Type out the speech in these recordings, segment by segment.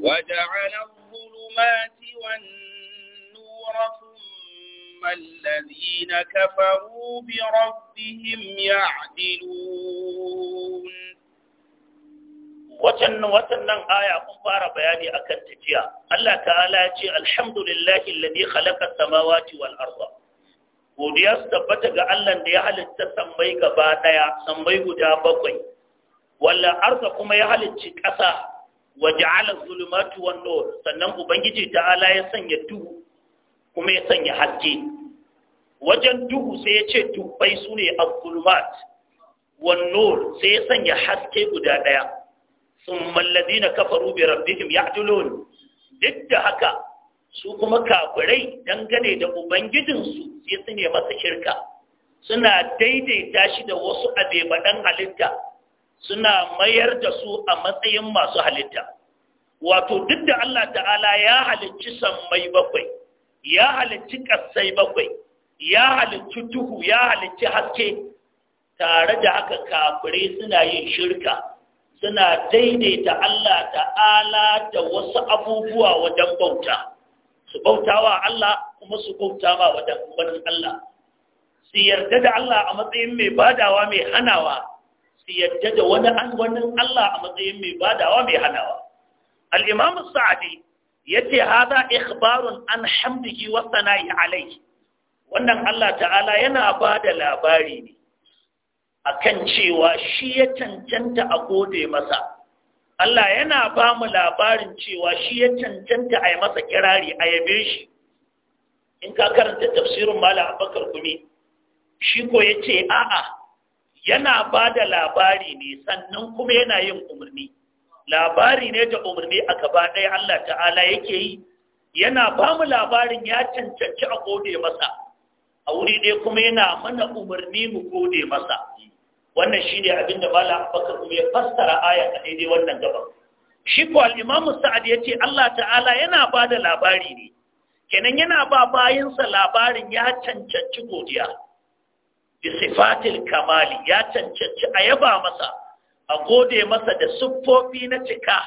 وجعل الظلمات والنور ثم الذين كفروا بربهم يعدلون watannan aya kun fara bayani akan tafiya Allah ta'ala ya ce alhamdulillahi alladhi khalaqa samawati wal arda godiya su tabbata ga Allah da ya halitta sammai gaba daya sammai guda bakwai wala arda kuma ya halicci ƙasa wa ja'ala zulumatu wan nur sannan ubangiji ta'ala ya sanya duhu kuma ya sanya haske wajen duhu sai ya ce dubbai sune az-zulumat wan nur sai ya sanya haske guda daya thumma alladhina kafaru bi rabbihim ya'dulun duk da haka su kuma kafirai dangane da ubangijinsu sai su ne masa shirka suna daidaita shi da wasu abebaɗan halitta suna mayar da su a matsayin masu halitta wato duk da Allah ta'ala ya halicci sammai bakwai ya halicci ƙasai bakwai ya halicci tuhu ya halicci haske tare da haka kafirai suna yin shirka suna daidaita Allah ta'ala da wasu abubuwa wajen bauta su bauta wa Allah kuma su bauta wa wajen Allah su yarda da Allah a matsayin mai badawa mai hanawa su yadda da wani an wani Allah a matsayin mai badawa mai hanawa al-imam sa'adi yace a ikhbarun an hamdihi wa sana'i alayhi wannan Allah ta'ala yana ba da labari ne akan cewa shi ya cancanta a gode masa Allah yana ba mu labarin cewa shi ya cancanta a yi masa kirari a yabe shi in ka karanta tafsirin mala abakar kumi shi ko ya ce a'a yana ba da labari ne sannan kuma yana yin umarni labari ne da umarni a gaba ɗaya Allah ta'ala yake yi yana ba mu labarin ya cancanci a gode masa a wuri ɗaya kuma yana mana umarni mu gode masa wannan shi ne abin da bala abubakar kuma ya fassara aya a daidai wannan gaban shi ko imam sa'ad ya ce Allah ta'ala yana ba da labari ne kenan yana ba bayansa labarin ya cancanci godiya bi sifatil kamali ya cancanci a yaba masa a gode masa da siffofi na cika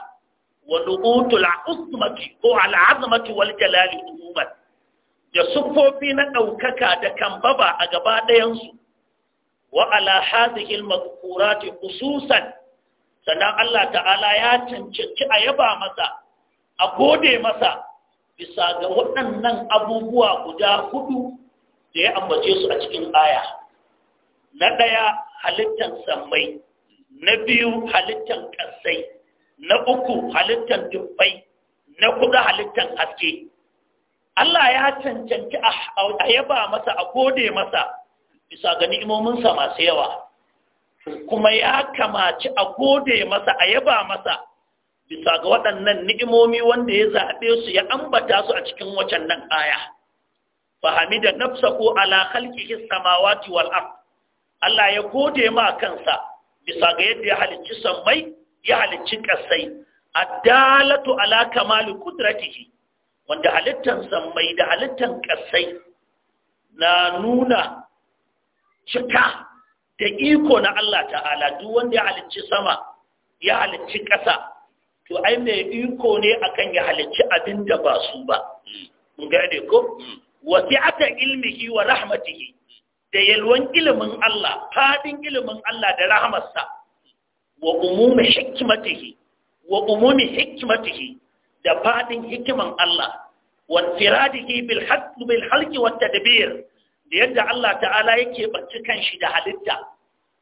wa nubutul usmati ko azmati wal jalali umma da siffofi na ɗaukaka da kambaba a gaba ɗayansu wa ala hadhihi al-madhkurati khususan sannan Allah ta'ala ya cancanci a yaba masa a gode masa bisa ga waɗannan abubuwa guda hudu da ya ambace su a cikin aya na ɗaya halittar sammai na biyu halittar ƙasai na uku halittar dubbai na kuɗa halittar haske Allah ya cancanci a yaba masa a gode masa bisa ga ni'imominsa masu yawa kuma ya kamaci a gode masa a yaba masa bisa ga waɗannan ni'imomi wanda ya zaɓe su ya ambata su a cikin wacan nan aya fahimi da nafsa ko ala khalqihi samawati wal ard Allah ya gode ma kansa bisa ga yadda ya halicci sammai ya halicci kasai addalatu ala kamali kudratihi wanda halittan sammai da halittan ƙasai na nuna cika da iko na Allah ta'ala duk wanda ya halicci sama ya halicci ƙasa to ai mai iko ne akan ya halicci abin da ba su ba hmm. mun gane ko hmm. wasi'ata ilmihi wa rahmatihi da yalwan ilimin Allah fadin ilimin Allah da rahamarsa wa umumi hikmatihi wa umumi hikmatihi da fadin hikiman Allah wa tiradihi bil haqq bil halqi tadbir da yadda Allah ta'ala yake barci shi da halitta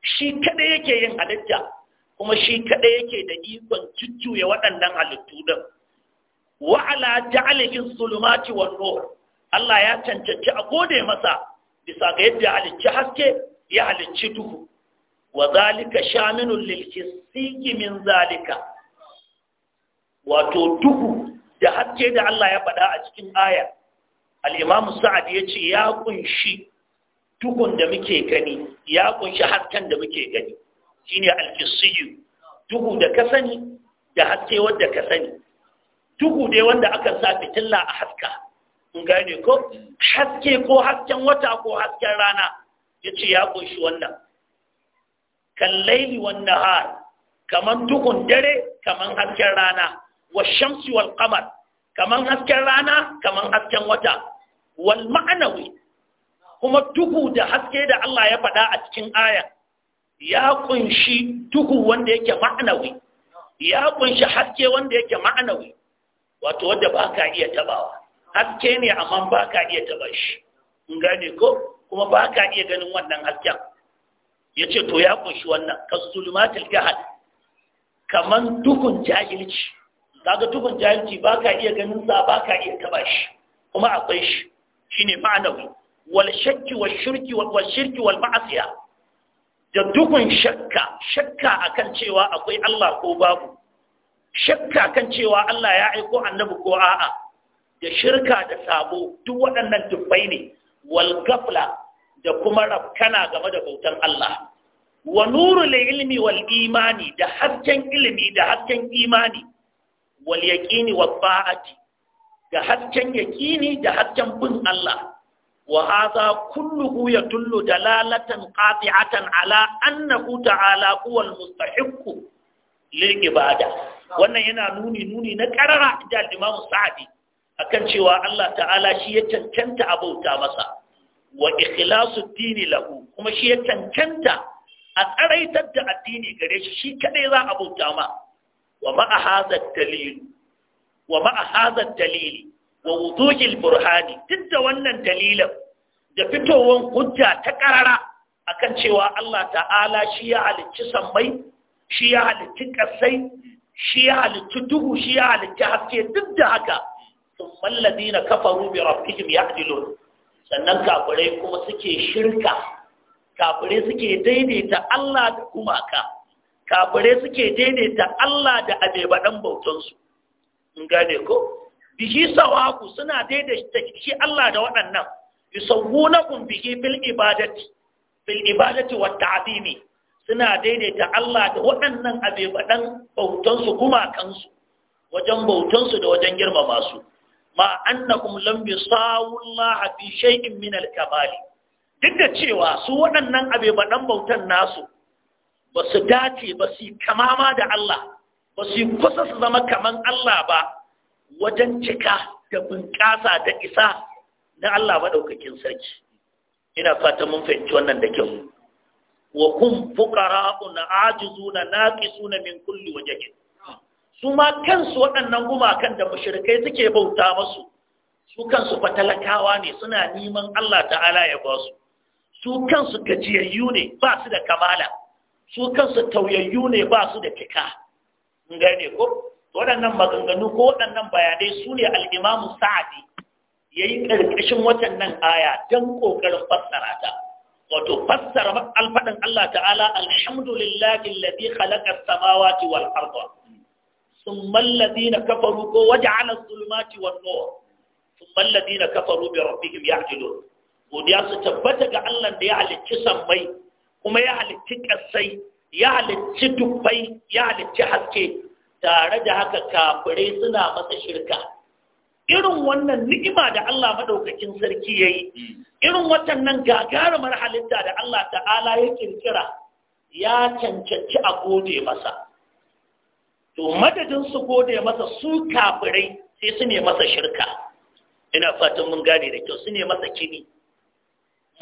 shi kada yake yin halitta kuma shi kada yake da ikon jujjuya waɗannan halittu din wa ala ja'alihi zulumati wan nur Allah ya cancanci a gode masa bisa ga yadda halicci haske ya halicci duhu wa zalika shaminun lilkisiki min zalika wato duhu da haske da Allah ya faɗa a cikin aya al-imam sa'ad ya ce ya kunshi duhun da muke gani ya kunshi hasken da muke gani shine alkisiyu duhu da ka sani da haske wanda ka sani duhu dai wanda aka sa fitilla a haska in gane ko haske ko hasken wata ko hasken rana ya ce ya ƙunshi wannan Kan laili wannan har kaman duhun dare kaman hasken rana wa shamsi wal kamar, kaman hasken rana kaman hasken wata wal ma'anawi kuma duhu da haske da Allah ya faɗa a cikin aya ya kunshi duhu wanda yake ma'anawi ya ƙunshi haske wanda yake ma'anawi wato wanda ba ka iya tabawa haske ne amma ba ka iya taba shi in gane ko kuma ba ka iya ganin wannan hasken ya ce to ya kunshi wannan kasulumatul jahal kaman dukun jahilci kaga dukun jahilci ba ka iya ganin sa ba ka iya taba shi kuma akwai shi shine ma'anawi wal shakki wal shirki wal shirki wal ma'asiya da dukun shakka shakka akan cewa akwai Allah ko babu shakka kan cewa Allah ya aiko annabi ko a'a da shirka da sabo duk waɗannan tufai ne wal gafla da kuma rafkana game da bautan Allah wa nurul ilmi wal imani da hasken ilimi da hasken imani wal yaqini wa ba'ati da hasken yaqini da hasken bin Allah wa hadha kulluhu yadullu dalalatan qati'atan ala annahu ta'ala huwal mustahiqqu lil ibada wannan yana nuni nuni na karara da Imam Sa'di akan cewa Allah ta'ala shi ya cancanta a masa wa ikhlasu dini lahu kuma shi ya cancanta a tsaraitar da addini gare shi shi kadai za a bauta ma wa ma'a hadha wa ma'a hadha wa wuduhi burhani duk da wannan dalilin da fitowar hujja ta karara akan cewa Allah ta'ala shi ya halicci sammai shi ya halicci kasai shi ya halicci duhu shi ya halicci haske duk da haka thumma alladhina kafaru bi rabbihim ya'dilun sannan kafirai kuma suke shirka kafirai suke daidaita Allah da gumaka kafirai suke daidaita Allah da abebadan bautansu in gane ko bihi sawaku suna daidaita shi Allah da waɗannan yusawwunakum bihi fil ibadati fil ibadati wat ta'zimi suna daidaita Allah da waɗannan abebadan bautansu gumakansu wajen bautansu da wajen girmama su ma annakum lam yusawu Allah fi shay'in min al-kamal duk da cewa su waɗannan abe baɗan bautan nasu ba su dace ba su kamama da Allah ba su kusa su zama kaman Allah ba wajen cika da bunƙasa da isa na Allah maɗaukakin sarki ina fata mun fahimci wannan da kyau wa hum fuqara'un ajizuna naqisuna min kulli wajhin su ma kansu waɗannan gumakan da mushirikai suke bauta masu su kansu fa talakawa ne suna neman Allah ta'ala ya ba su su kansu gajiyayyu ne ba su da kamala su kansu tauyayyu ne ba su da fika in gane ko waɗannan maganganu ko waɗannan bayanai su ne al'imamu sa'adi ya yi ƙarƙashin waɗannan aya don ƙoƙarin fassara ta wato fassara alfaɗin Allah ta'ala alhamdulillahi ladhi khalaqa as-samawati wal arda ثم الذين كفروا وجعل الظلمات والنور ثم الذين كفروا بربهم يعدلون godiya su tabbata ga Allah da ya halicci sammai kuma ya halicci ƙasai ya halicci dubbai ya halicci haske tare da haka kafirai suna masa shirka irin wannan ni'ima da Allah madaukakin sarki yayi irin watannan gagarumar halitta da Allah ta'ala ya kirkira ya cancanci a gode masa to madadin su gode masa su kafirai sai su ne masa shirka ina fatan mun gane da kyau su ne masa kini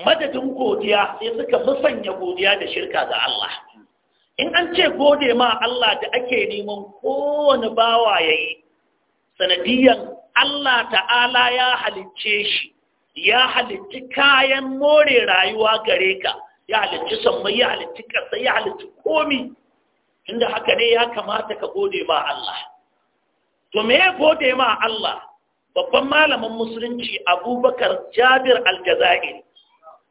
madadin godiya sai suka musanya godiya da shirka ga Allah in an ce gode ma Allah da ake neman kowane bawa ya yi, sanadiyan Allah ta'ala ya halicce shi ya halicci kayan more rayuwa gare ka ya halicci sammai ya halicci ƙasa ya halicci komi inda haka ne ya kamata ka gode ma Allah to me ya gode ma Allah babban malamin musulunci abubakar jabir al-jazairi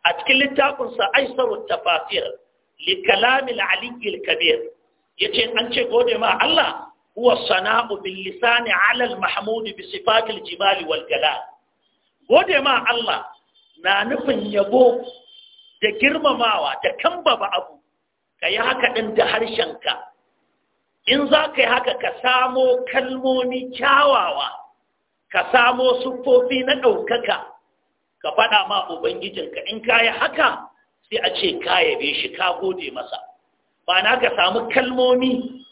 a cikin littafinsa aisarun tafasir likalamil aliyyil kabir ya ce an ce gode ma Allah huwa sana'u bil lisani alal mahmudu bi sifatil jibali wal gode ma Allah na nufin yabo da girmamawa da kambaba abu ka yi haka ɗin da harshenka in za ka yi haka ka samo kalmomi kyawawa ka samo siffofi na ɗaukaka ka faɗa ma ubangijinka in ka yi haka sai a ce ka yabe shi ka gode masa ba na ka samu kalmomi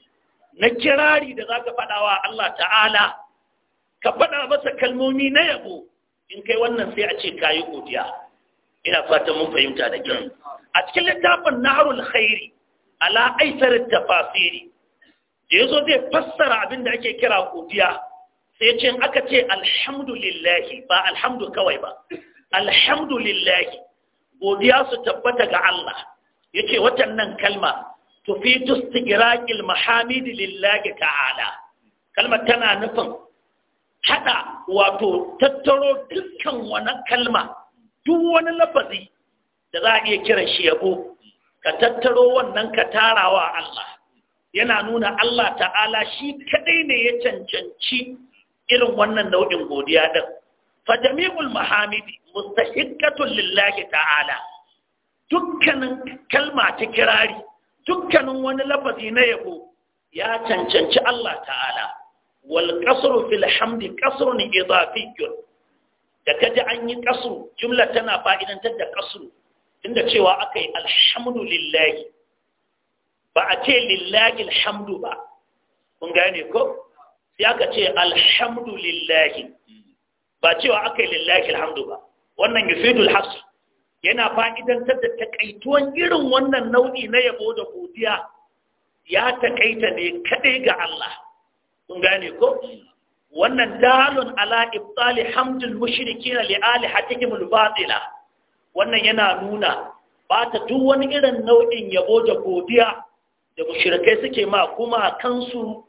na kirari da za ka faɗa wa Allah ta'ala ka faɗa masa kalmomi na yabo in kai wannan sai a ce ka yi godiya ina fatan mun fahimta da kyau a cikin littafin narul khairi ala aisar tafasiri da yazo zai fassara abin da ake kira godiya sai ce aka ce alhamdulillahi ba alhamdu kawai ba alhamdulillahi godiya su tabbata ga Allah yace watannan kalma tufitu istigraqil mahamidi lillahi ta'ala kalmar tana nufin hada wato tattaro dukkan wani kalma duk wani lafazi da za a iya kiran shi yabo ka tattaro wannan ka tarawa Allah yana nuna Allah ta'ala shi kadai ne ya cancanci irin wannan nau'in godiya din fa jami'ul mahamidi mustahiqqatun lillahi ta'ala dukkanin kalma ta kirari dukkanin wani lafazi na yabo ya cancanci Allah ta'ala wal qasru fil hamdi qasrun idafiyyun da kaji an yi qasru jumla tana fa'idantar da qasru inda cewa aka yi alhamdulillahi ba a ce lillahi alhamdu ba kun gane ko sai aka ce alhamdulillahi ba cewa aka yi lillahi alhamdu ba wannan yufidul hasr yana fa'idantar da takaituwan irin wannan nau'i na yabo da godiya ya takaita ne kadai ga Allah kun gane ko wannan dalun ala ibtali hamdul mushrikin li alihatihim al-batila wannan yana nuna ba ta duk wani irin nau'in yabo da godiya da mushirkai suke ma kuma kansu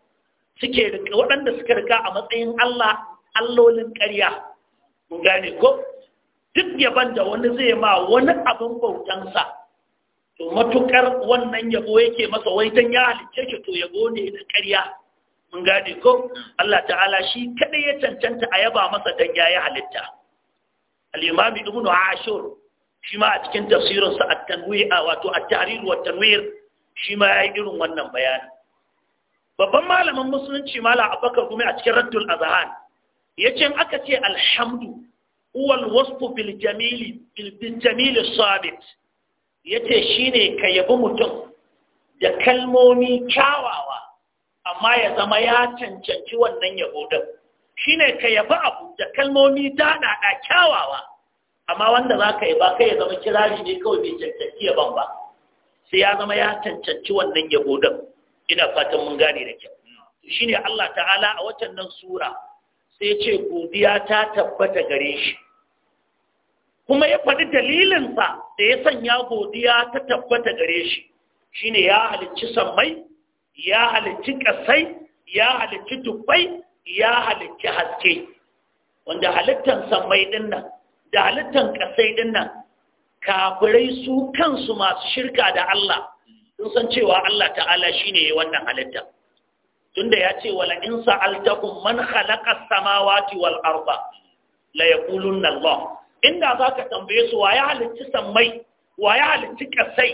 suke waɗanda suka rika a matsayin Allah allolin ƙarya mun gane ko duk yaban da wani zai ma wani abin bautansa to matukar wannan yabo yake masa wai dan ya halicce shi to yabo ne da ƙarya mun gane ko Allah ta'ala shi kadai ya cancanta a yaba masa dan yayi halitta al-imam ibnu ashur shi ma a cikin tafsirinsa a wato a tariru wa tanwir shi ma ya yi irin wannan bayani babban malamin musulunci malam abubakar gumi a cikin raddul azhan ya ce aka ce alhamdu uwal wasfu bil jamili bil jamili sabit ya ce ne ka yabi mutum da kalmomi kyawawa amma ya zama ya cancanci wannan yabo din shine ka yabi abu da kalmomi daɗaɗa kyawawa amma wanda za ka yi ba kai ya zama kirari ne kawai bai cancanci ya ban ba sai ya zama ya cancanci wannan yahudan ina fatan mun gane da kyau shine Allah ta'ala a watan nan sura sai ce godiya ta tabbata gare shi kuma ya faɗi dalilinsa da ya sanya godiya ta tabbata gare shi shine ya halicci sammai ya halicci kasai, ya halicci tuffai, ya halicci haske wanda halittan sammai ɗin da halittan ƙasai ɗin nan kafirai su kansu masu shirka da Allah sun san cewa Allah ta'ala shi ne wannan halitta tunda ya ce wala in sa'altakum man khalaqa samawati wal arda la yaqulunna Allah inda zaka tambaye su wa ya halicci sammai wa ya halicci ƙasai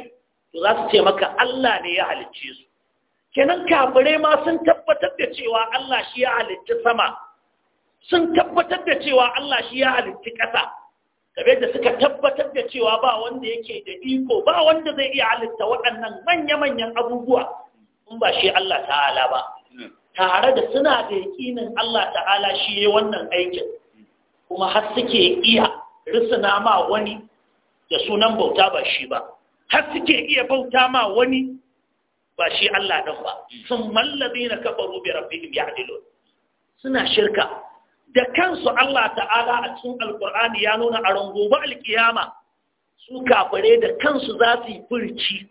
to za su ce maka Allah ne ya halicce su kenan kafirai ma sun tabbatar da cewa Allah shi ya halicci sama sun tabbatar da cewa Allah shi ya halicci ƙasa kabe da suka tabbatar da cewa ba wanda yake da iko ba wanda zai iya halitta waɗannan manya-manyan abubuwa in ba shi Allah ta'ala ba tare da suna da yakinin Allah ta'ala shi ya wannan aikin kuma har suke iya risina ma wani da sunan bauta ba shi ba har suke iya bauta ma wani ba shi Allah ɗin ba sun mallabi na kafaru bi rabbihim ya'dilun suna shirka da kansu Allah ta'ala a cikin alkur'ani ya nuna a rangoba alkiyama su kafare da kansu za su yi furci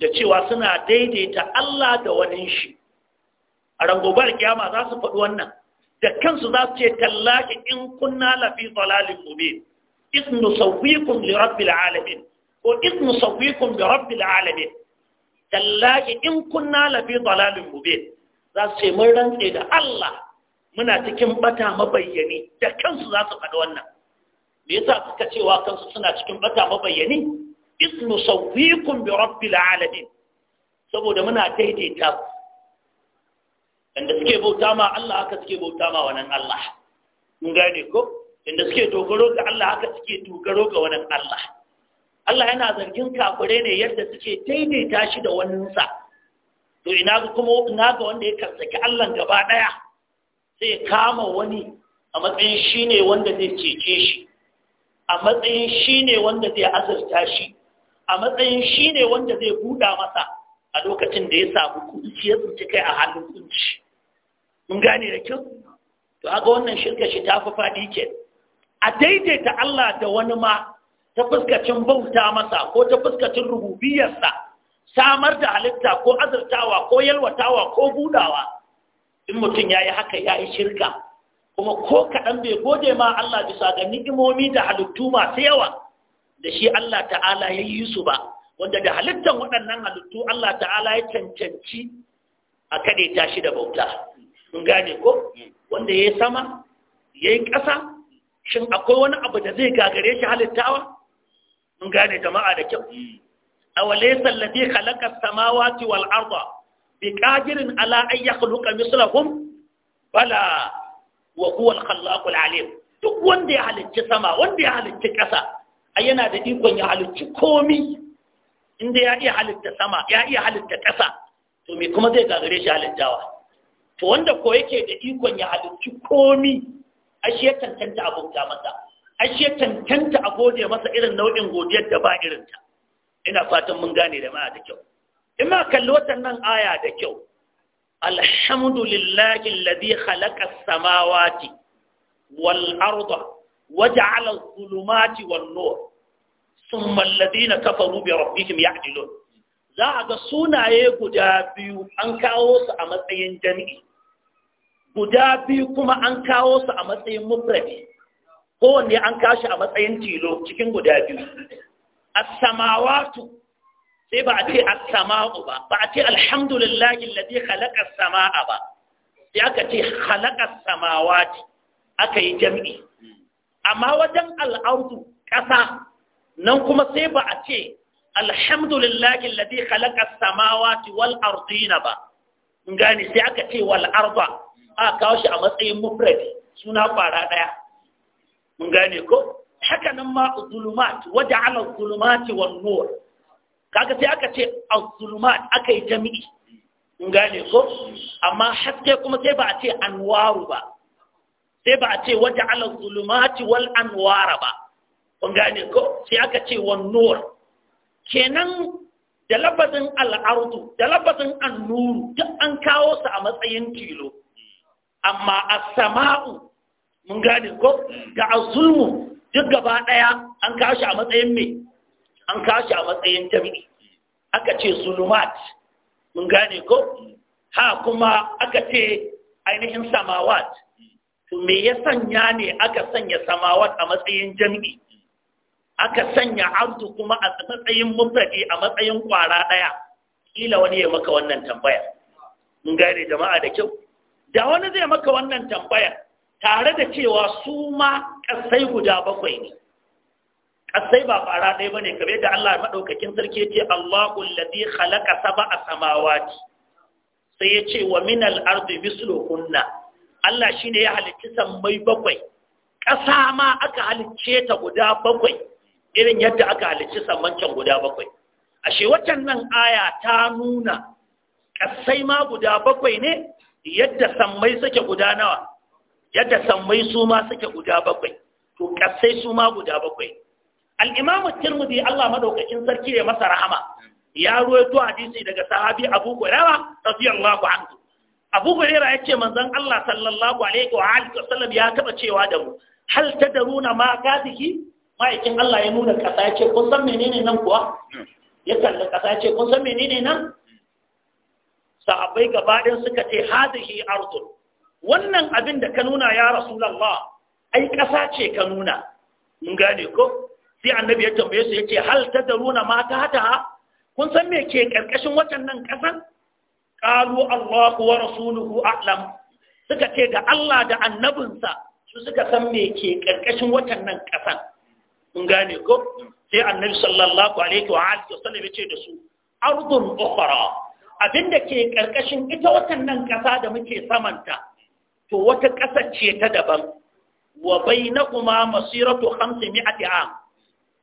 da cewa suna daidaita Allah da wani shi a rangoba alkiyama za su faɗi wannan da kansu za su ce tallaki in kunna lafi tsalalin ko إذ نسويكم لرب العالمين alamin, tallaki in kunna lafi tsalalin gobe za su ce mun rantse da Allah. muna cikin bata mabayyani da kansu za su faɗi wannan me yasa suka cewa kansu suna cikin bata mabayyani Ismu sawwikum bi rabbil alamin saboda muna daidaita ku inda suke bauta ma Allah haka suke bauta ma wannan Allah mun gane ko inda suke dogaro ga Allah haka suke dogaro ga wannan Allah Allah yana zargin kafure ne yadda suke daidaita shi da sa to ina ga kuma ina ga wanda ya karsaki Allah gaba daya zai kama wani a matsayin shi ne wanda zai cece shi a matsayin shi ne wanda zai azurta shi a matsayin shi ne wanda zai buɗa masa a lokacin da ya samu kunci ya tsinci kai a halin kunci mun gane da kyau to haka wannan shirka shi ta fi faɗi ke a daidaita Allah da wani ma ta fuskacin bauta masa ko ta fuskacin rububiyarsa samar da halitta ko azurtawa ko yalwatawa ko budawa in mutum ya yi haka ya yi shirka kuma ko kaɗan bai gode ma Allah bisa ga ni'imomi da halittu masu yawa da shi Allah ta'ala ya yi su ba wanda da halittan waɗannan halittu Allah ta'ala ya cancanci a kaɗe tashi da bauta in gane ko wanda ya yi sama ya yi ƙasa shin akwai wani abu da zai gagare shi halittawa in gane jama'a da kyau hmm. a wale sallabi halakar samawati wal arba bi qadirin ala an yakhluqa mislahum bala wa huwa al-khallaqu al duk wanda ya halicci sama wanda ya halicci ƙasa ai yana da ikon ya halicci komi inda ya iya halitta sama ya iya halitta ƙasa to me kuma zai gagare shi halittawa to wanda ko yake da ikon ya halicci komi ashe ya tantanta abota masa ashe ya tantanta a gode masa irin nau'in godiyar da ba irinta ina fatan mun gane da mana da kyau in ma kalli watannan aya da kyau alhamdulillahi alladhi khalaqa as-samawati wal arda waja'ala adh-dhulumati wan nur thumma alladhina kafaru bi rabbihim ya'dilun za a ga sunaye guda biyu an kawo su a matsayin jami'i guda biyu kuma an kawo su a matsayin mufradi kowanne an kashi a matsayin tilo cikin guda biyu as-samawatu sai ba a ce as-sama'u ba ba a ce alhamdulillahi alladhi khalaqa as-sama'a ba sai aka ce khalaqa as-samawati aka yi jami'i amma wajen al'audu ƙasa nan kuma sai ba a ce alhamdulillahi alladhi khalaqa as-samawati wal ardina ba gani sai aka ce wal arda a kawo shi a matsayin mufradi suna fara daya mun gane ko haka nan ma zulumat waja'ala zulumati wan nur kaga sai aka ce a zulumat aka jami'i Mun gane ko amma haske kuma sai ba a ce anwaru ba sai ba a ce waje ala zulumati wal anwara ba Mun gane ko sai aka ce wan nur kenan da labazin al'ardu da labazin annuru duk an kawo su a matsayin tilo amma as-sama'u mun gane ko da azulmu duk gaba daya an kawo shi a matsayin me an kashi a matsayin jam'i. aka ce zulumat mun gane ko ha kuma aka ce ainihin samawat to me ya sanya ne aka sanya samawat a matsayin jami'i aka sanya abdu kuma a matsayin mufradi a matsayin kwara daya kila wani ya maka wannan tambaya mun gane jama'a da kyau da wani zai maka wannan tambaya tare da cewa su ma kasai guda bakwai ne kasai ba fara ɗaya bane kamar da Allah madaukakin sarki yace Allahu allazi khalaqa sab'a samawati sai yace wa minal ardi kunna? Allah shine ya halicci sammai bakwai ƙasa ma aka halicce ta guda bakwai irin yadda aka halicci sammancan guda bakwai ashe waccan nan aya ta nuna ƙasai ma guda bakwai ne yadda sammai suke guda nawa yadda sammai su ma suke guda bakwai to ƙasai su ma guda bakwai al’imamu tirmidhi Allah maɗaukacin sarki ya masa rahama ya ruwaito hadisi daga sahabi Abu Hurairah radiyallahu anhu Abu ya ce manzan Allah sallallahu alaihi wa alihi wasallam ya taɓa cewa da mu hal nuna ma kadiki ma'aikin Allah ya nuna ya ce kun san menene nan kuwa ya kalli ya ce kun san menene nan sahabbai gabaɗin suka ce hadhihi ardun wannan abin da ka nuna ya rasulullah ai ƙasa ce ka nuna mun gane ko sai annabi ya tambaye su yace hal tadruna ma tahtaha kun san me ke karkashin nan kasan qalu Allah wa rasuluhu a'lam suka ce ga Allah da annabinsa su suka san me ke karkashin watannan kasan mun gane ko sai annabi sallallahu alaihi wa alihi wasallam yace da su ardun ukhra abinda ke karkashin ita nan kasa da muke samanta to wata kasa ce ta daban wa bainakuma masiratu 500 am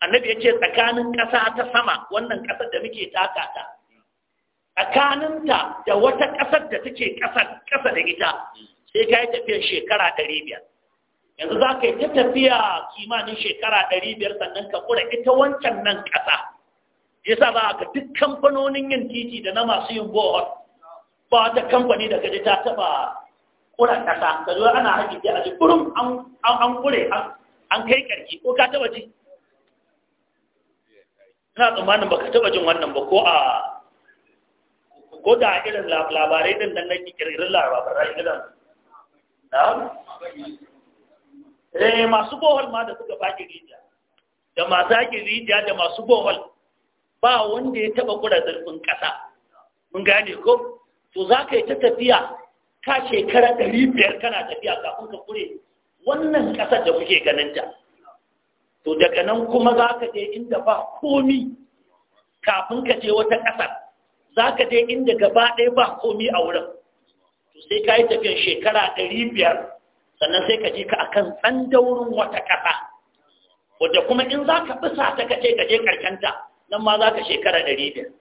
annabi ya ce tsakanin ƙasa ta sama wannan ƙasar da muke taka ta tsakaninta da wata ƙasar da take ƙasa ƙasa da ita sai ka yi tafiyar shekara ɗari biyar yanzu za ka yi ta tafiya kimanin shekara ɗari biyar sannan ka ƙura ita wancan nan ƙasa ya sa ba ga duk kamfanonin yin titi da na masu yin bohol ba wata kamfani da gaji ta taɓa ƙura ƙasa ka zo ana haƙi a jikurin kurum an ƙure an kai ƙarfi ko ka taɓa ji na tsammanin baka taba jin wannan ba ko a ko da irin labarai din da nake kirkirin labarai irin na eh masu bohol ma da suka baki rijiya da masu haƙin rijiya da masu bohol ba wanda ya taba kura zurfin ƙasa mun gane ko to za ka yi ta tafiya ka shekara ɗari biyar kana tafiya kafin ka kure wannan kasar da kuke ganinta to daga nan kuma za ka je inda ba komi kafin ka je wata ƙasar za ka je inda gaba ɗaya ba komi a wurin to sai ka yi tafiyar shekara ɗari biyar sannan sai ka je ka akan wurin wata ƙasa wadda kuma in za ka bisa ta ka ce ka je ƙarshenta nan ma za ka shekara ɗari biyar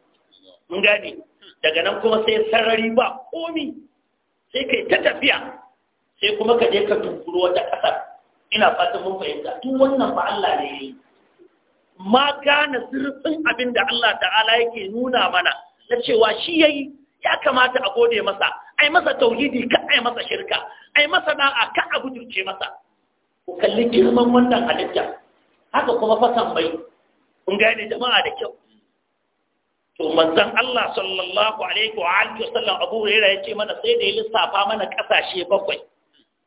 mun gane daga nan kuma sai sarari ba komi sai ka yi ta tafiya sai kuma ka je ka tunkuru wata ƙasar ina fatan mun fahimta duk wannan ba Allah ne yayi ma gane sirrin abin da Allah ta'ala yake nuna mana na cewa shi yayi ya kamata a gode masa ai masa tauhidi ka ai masa shirka ai masa da'a ka a budurce masa ku kalli girman wannan halitta haka kuma fasan bai kun gane jama'a da kyau to manzon Allah sallallahu alaihi wa alihi wasallam Abu Hurairah yace mana sai da ya lissafa mana kasashe bakwai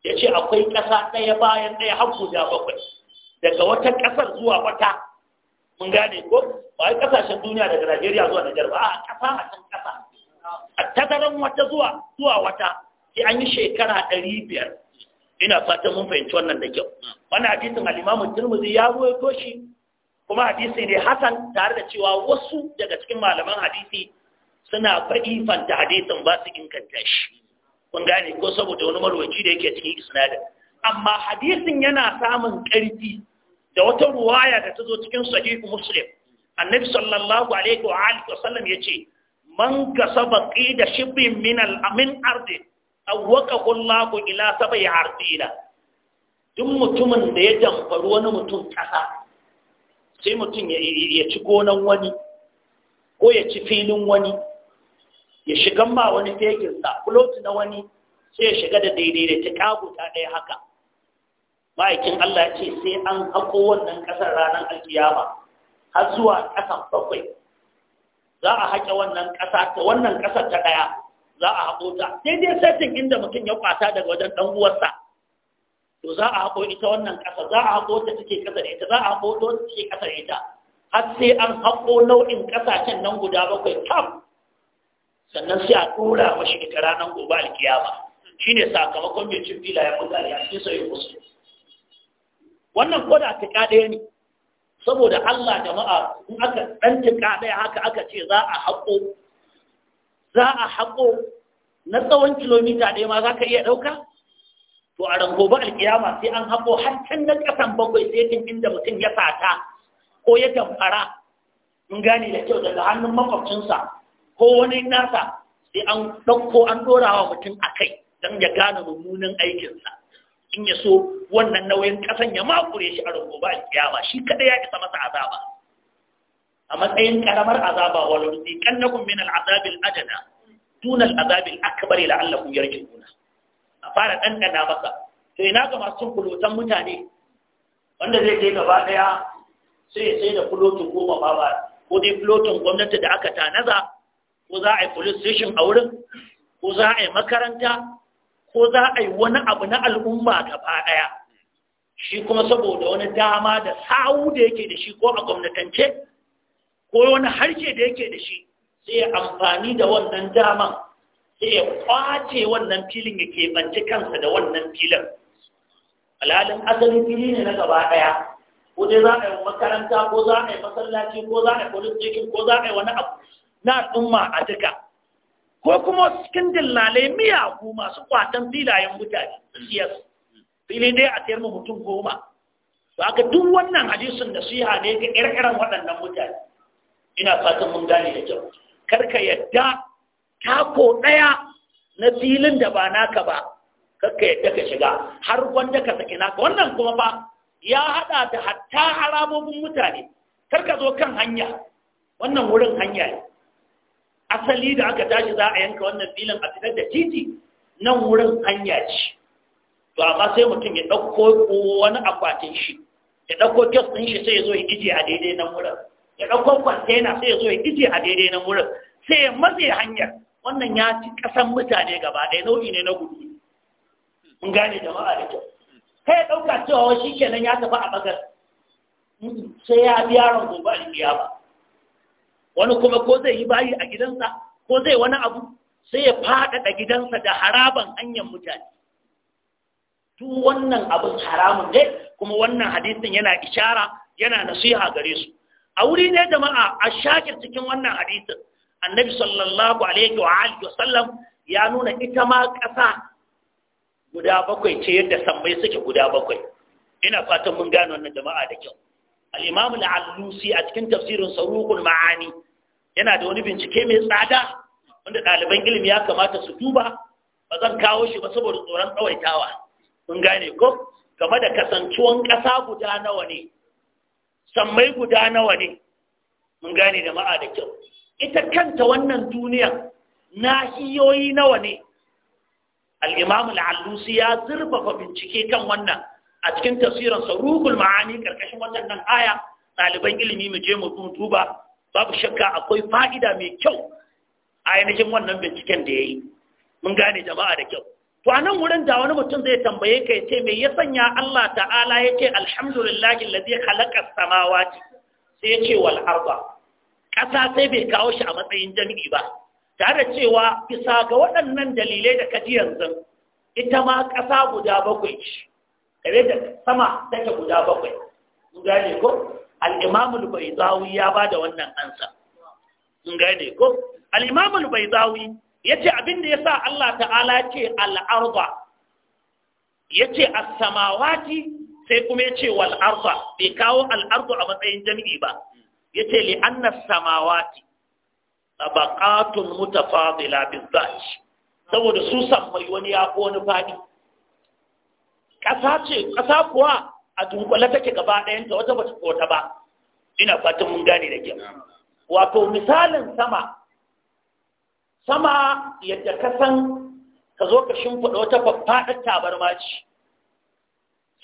ya ce akwai ƙasa ɗaya bayan ɗaya har guda bakwai daga wata ƙasar zuwa wata mun gane ko ba a ƙasashen duniya daga najeriya zuwa Najeriya? ba a ƙasa a can ƙasa a tazaran wata zuwa zuwa wata sai an yi shekara ɗari biyar ina fatan mun fahimci wannan da kyau Wani hadisin al turmuzi ya ruwaito shi kuma hadisi ne hasan tare da cewa wasu daga cikin malaman hadisi suna faɗi fanta hadisin ba su inganta shi kun gane ko saboda wani marwaci da yake cikin isnadin amma hadisin yana samun ƙarfi da wata ruwaya da ta zo cikin sahihu muslim annabi sallallahu alaihi wa alihi wa sallam yace man kasaba qida shibrin min al amin ardi waqahu Allahu ila sabai ardina duk mutumin da ya damfari wani mutum kasa sai mutum ya ci gonan wani ko ya ci filin wani ya shiga ma wani fekin sa na wani sai ya shiga da daidai da tikagu ta ɗaya haka ma'aikin Allah ce sai an hako wannan ƙasar ranar alkiyama har zuwa ƙasan bakwai za a haƙe wannan ƙasa ta wannan ƙasar ta ɗaya za a haƙo ta daidai setting inda mutum ya kwata daga wajen ɗan uwarsa to za a haƙo ita wannan ƙasa za a haƙo ta take ƙasar ita za a haƙo ta take ƙasar ita har sai an haƙo nau'in ƙasashen nan guda bakwai kam sannan sai a ɗora mashi ita ranar gobe alkiyama ne sakamakon mai cin filayen mutane a cikin sayin musu wannan koda ta ɗaya ne saboda Allah jama'a in aka ɗan ta haka aka ce za a haƙo za a haƙo na tsawon kilomita ɗaya ma za ka iya ɗauka to a ran gobe alkiyama sai an haƙo har can na ƙasan bakwai sai tun inda mutum ya sata ko ya damfara in gane da kyau daga hannun makwabcinsa ko wani nasa sai an ɗauko an ɗora wa mutum a kai don ya gane mummunan aikinsa in ya so wannan nauyin ƙasan ya makure shi a rungu ba kiyama shi kaɗai ya isa masa azaba a matsayin ƙaramar azaba wa lurdi kannahum min al'azabil adana tun al'azabil akbar la'allahum kuna. a fara ɗanɗana masa sai na ga masu kulutan mutane wanda zai je gaba ɗaya sai ya sai da kulotin goma ba ko dai kulotin gwamnati da aka tanaza ko za a yi police station a wurin ko za a yi makaranta ko za a yi wani abu na al'umma gaba ɗaya shi kuma saboda wani dama da sawu da yake da shi ko a gwamnatance ko wani harshe da yake da shi sai ya amfani da wannan daman sai ya kwace wannan filin ya keɓanci kansa da wannan filin alhalin asalin fili ne na gaba ɗaya ko dai za a yi makaranta ko za a yi masallaci ko za a yi police station ko za a yi wani abu na al'umma a duka ko kuma cikin dillalai miyagu masu kwatan filayen mutane siyas fili dai a tayar mutum goma ba ga duk wannan hadisin su ne ga ire waɗannan mutane ina fatan mun gane da kyau karka yadda tako ɗaya na filin da ba naka ba karka yadda ka shiga har wanda ka saki naka wannan kuma ba ya haɗa da hatta haramomin mutane karka zo kan hanya wannan wurin hanya ne asali da aka tashi za a yanka wannan filin a fitar da titi nan wurin hanya ce to amma sai mutum ya ɗauko wani akwatin shi ya ɗauko kyas ɗin shi sai ya zo ya ije a daidai nan wurin ya ɗauko kwantena sai ya zo ya ije a daidai nan wurin sai ya matse hanyar wannan ya ci ƙasan mutane gaba ɗaya nau'i ne na gudu mun gane jama'a da kyau Sai ya ɗauka cewa shi kenan ya tafi a bagar sai ya bi yaron gobe a ba. wani kuma ko zai yi bayi a gidansa ko zai wani abu sai ya faɗaɗa gidansa da haraban hanyar mutane duk wannan abin haramun ne kuma wannan hadisin yana ishara yana nasiha gare su a wuri ne jama'a a shakir cikin wannan hadisin annabi sallallahu alaihi wa alihi wasallam ya nuna ita ma ƙasa guda bakwai ce yadda sammai suke guda bakwai ina fatan mun gane wannan jama'a da kyau al-imam a cikin tafsirin saruqul ma'ani yana da wani bincike mai tsada wanda ɗaliban ilimi ya kamata su duba ba zan kawo shi ba saboda tsoron tsawaitawa mun gane ko game da kasancewan ƙasa guda nawa ne sammai guda nawa ne mun gane da ma'a da kyau ita kanta wannan duniya nahiyoyi nawa ne al'imam al'allusi ya zurfafa bincike kan wannan a cikin tafsirin sa ruhul ma'ani karkashin wannan aya ɗaliban ilimi mu je mu duba babu shakka akwai fa'ida mai kyau a ainihin wannan binciken da yayi mun gane jama'a da kyau to a nan wurin da wani mutum zai tambaye ka ya ce me ya sanya Allah ta'ala ya ce alhamdulillahi allazi khalaqa samawati sai ya ce wal arda kasa sai bai kawo shi a matsayin jami'i ba tare da cewa bisa ga waɗannan dalilai da kaji yanzu ita ma ƙasa guda bakwai ce kare da sama take guda bakwai mun gane ko al-imam al-baydawi ya bada wannan ansa mun gane ko al-imam al-baydawi yace abinda yasa Allah ta'ala ce al-arda yace as-samawati sai kuma yace wal arda bai kawo al a matsayin jami'i ba yace li anna samawati tabaqatun mutafadila bizat saboda su sammai wani ya ko wani fadi ƙasa ce ƙasa kuwa a dunkule take gaba ɗayanta wata ba ta ba ina fatan mun gane da kyau wato misalin sama sama yadda ka san ka zo ka shimfiɗa wata faɗaɗa tabarma ce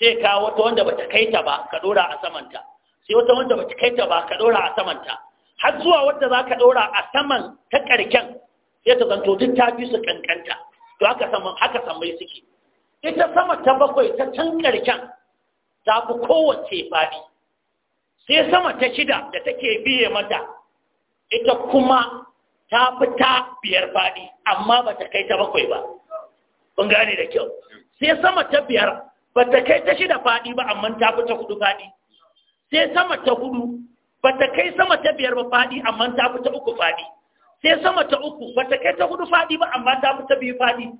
sai ka wata wanda ba ta kai ta ba ka ɗora a samanta sai wata wanda ba ta kai ta ba ka ɗora a samanta har zuwa wadda za ka ɗora a saman ta ƙarken sai ta zanto duk ta fi su kankanta to haka saman haka saman suke ita sama ta bakwai ta can ƙarshen ta fi kowace faɗi sai sama ta shida da take biye mata ita kuma ta fi ta biyar faɗi amma ba ta kai ta bakwai ba kun gane da kyau sai sama ta biyar ba ta kai ta shida faɗi ba amma ta fi ta hudu faɗi sai sama ta hudu ba ta kai sama ta biyar ba faɗi amma ta fi ta uku faɗi sai sama ta uku ba ta kai ta hudu faɗi ba amma ta fi ta biyu faɗi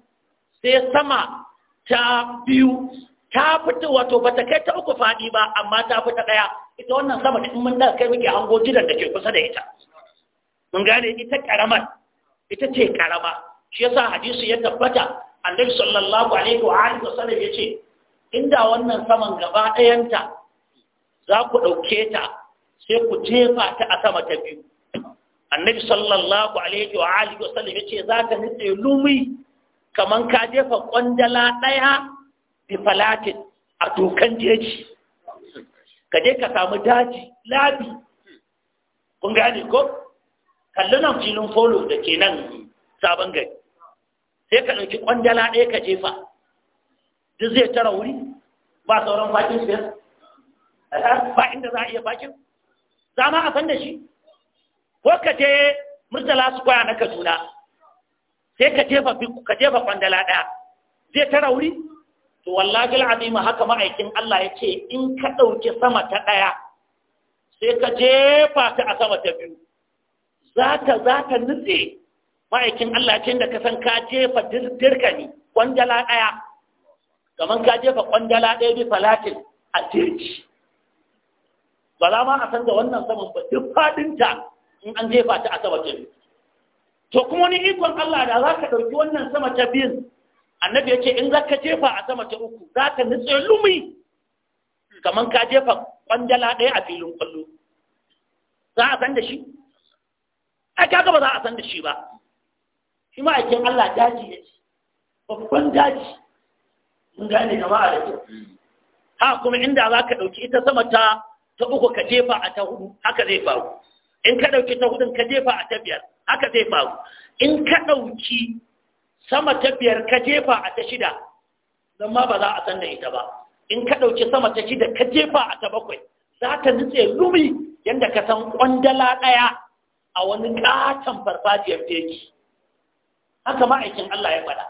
sai sama ta biyu ta fita wato ba ta kai ta uku faɗi ba amma ta fita ɗaya ita wannan sama in mun da kai muke hango gidan da ke kusa da ita mun gane ita karamar ita ce karama shi yasa hadisi ya tabbata annabi sallallahu alaihi wa alihi wa sallam yace inda wannan saman gaba ɗayanta za ku ɗauke ta sai ku jefa ta a sama ta biyu annabi sallallahu alaihi wa alihi wa sallam yace za ta nitse lumi kamar ka jefa ƙwandala ɗaya falatin a dokan jeji ka je ka samu daji labi kun gane ko kalli nan filin folo da ke nan sabon gari sai ka ɗauki ƙwandala ɗaya ka jefa duk zai tara wuri ba sauran bakin siyar ba inda za a iya bakin za ma a san da shi ko ka je murtala su kwaya na kaduna sai ka jefa ka jefa kwandala ɗaya zai ta rauri to wallahi al'azima haka ma'aikin Allah ya ce in ka ɗauki sama ta ɗaya sai ka jefa ta a sama ta biyu za ka za ka nutse ma'aikin Allah ya ce da ka san ka jefa dirka ne kwandala ɗaya kamar ka jefa kwandala ɗaya bi falatin a dirji ba za ma a san da wannan saman ba duk faɗinta in an jefa ta a sama ta biyu to kuma ni ikon Allah da za ka ɗauki wannan sama ta biyun annabi ya ce in za ka jefa a sama ta uku za ka nutse lumi kamar ka jefa kwandala ɗaya a filin ƙwallo. za a san da shi a kaga ba za a san da shi ba shi aikin Allah daji ya ce babban daji mun gane jama'a da kyau ha kuma inda za ka ɗauki ita sama ta ta uku ka jefa a ta hudu haka zai faru in ka ɗauki ta hudun ka jefa a ta haka zai faru in ka ɗauki sama ta biyar ka jefa a ta shida don ma ba za a san da ita ba in ka ɗauki sama ta shida ka jefa a ta bakwai za ta nutse lumi yadda ka san ƙwandala ɗaya a wani ƙaton farfajiyar teki haka ma'aikin Allah ya faɗa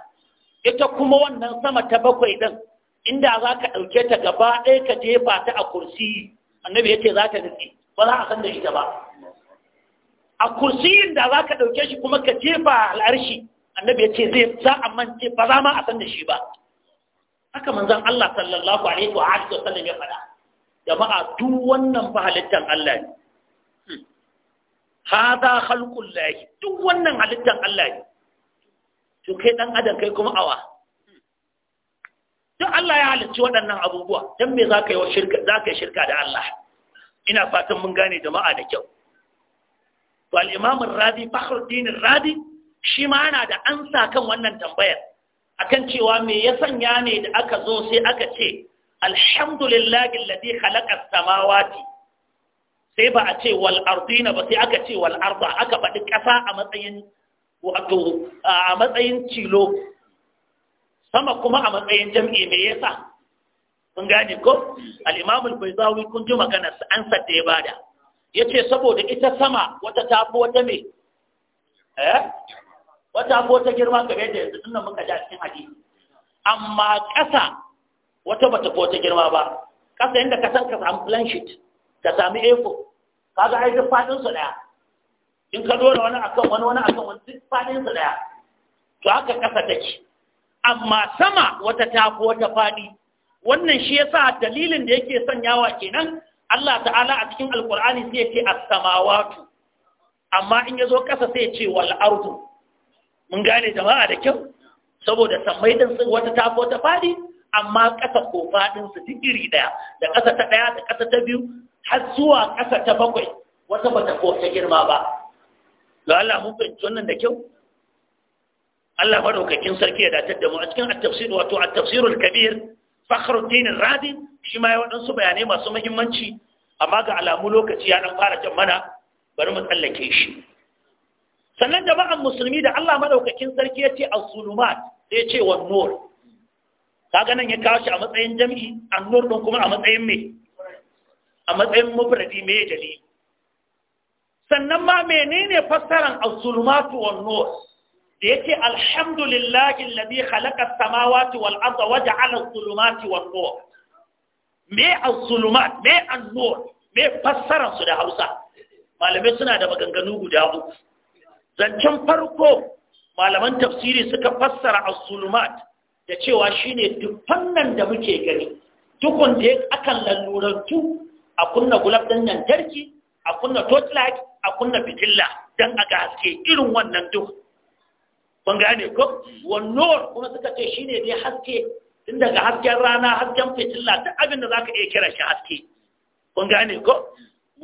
ita kuma wannan sama ta bakwai ɗin inda za ka ɗauke ta gaba ɗaya ka jefa ta a kursi annabi ya ce za ta nutse ba za a san da ita ba a kursiyin da za ka ɗauke shi kuma ka jefa al'arshi annabi ya ce zai za a mance ba za ma a san da shi ba haka manzon Allah sallallahu alaihi wa alihi sallam ya faɗa jama'a duk wannan ba halittar Allah ne hada khalqul lahi duk wannan halittar Allah ne to kai dan adam kai kuma awa duk Allah ya halicci waɗannan abubuwa dan me za ka yi shirka za ka shirka da Allah ina fatan mun gane jama'a da kyau to al-imam ar-razi fakhruddin shi ma da ansa kan wannan tambayar akan cewa me ya sanya ne da aka zo sai aka ce alhamdulillahi alladhi khalaqa as-samawati sai ba a ce wal ardina ba sai aka ce wal arda aka faɗi ƙasa a matsayin wato a matsayin cilo sama kuma a matsayin jam'i me yasa kun gane ko al-imam al-bayzawi kun ji maganar ansa da ya bada ya ce saboda ita sama wata tafi wata me eh wata tafi wata girma game da yanzu dinnan muka ji a cikin hadisi amma ƙasa wata bata fi wata girma ba ƙasa yadda ka san ka samu plansheet ka sami efo, ka ga ai duk faɗin su ɗaya in ka dora wani akan wani wani akan wani duk faɗin su ɗaya to haka ƙasa take amma sama wata tafi wata faɗi wannan shi yasa dalilin da yake sanyawa kenan Allah ta'ala a cikin alkur'ani sai ce as-samawatu amma in yazo ƙasa sai ce wal ardu mun gane jama'a da kyau saboda sammai din sun wata tafo ta fadi amma ƙasa ko fadin su duk iri daya da ƙasa ta daya da ƙasa ta biyu har zuwa ƙasa ta bakwai wata bata ko ta girma ba ga Allah mun fahimci wannan da kyau Allah madaukakin sarki ya datar da mu a cikin at-tafsir wato at-tafsirul kabir fakhruddin radin shi ma ya waɗansu bayanai masu muhimmanci amma ga alamu lokaci ya ɗan fara jan mana bari mu tsallake shi sannan jama'an musulmi da Allah madaukakin sarki ya ce az sulumat sai ya ce wa nur kaga nan ya kawo shi a matsayin jami'i an-nur din kuma a matsayin me a matsayin mufradi me dalili sannan ma menene fassaran az-zulumatu wa nur da yake alhamdulillahi alladhi khalaqa as-samawati wal arda wa ja'ala adh-dhulumati me az-zulumat me an me fassaran su da Hausa malamai suna da maganganu guda uku zancen farko malaman tafsiri suka fassara az-zulumat da cewa shine duk nan da muke gani dukkan da akan lalurantu a kunna gulab din lantarki a kunna torchlight a kunna fitilla dan a gaske irin wannan duk kun gane ko wannan kuma suka ce shine dai haske tun daga hasken rana hasken fitilla duk abin da zaka iya kira shi haske kun gane ko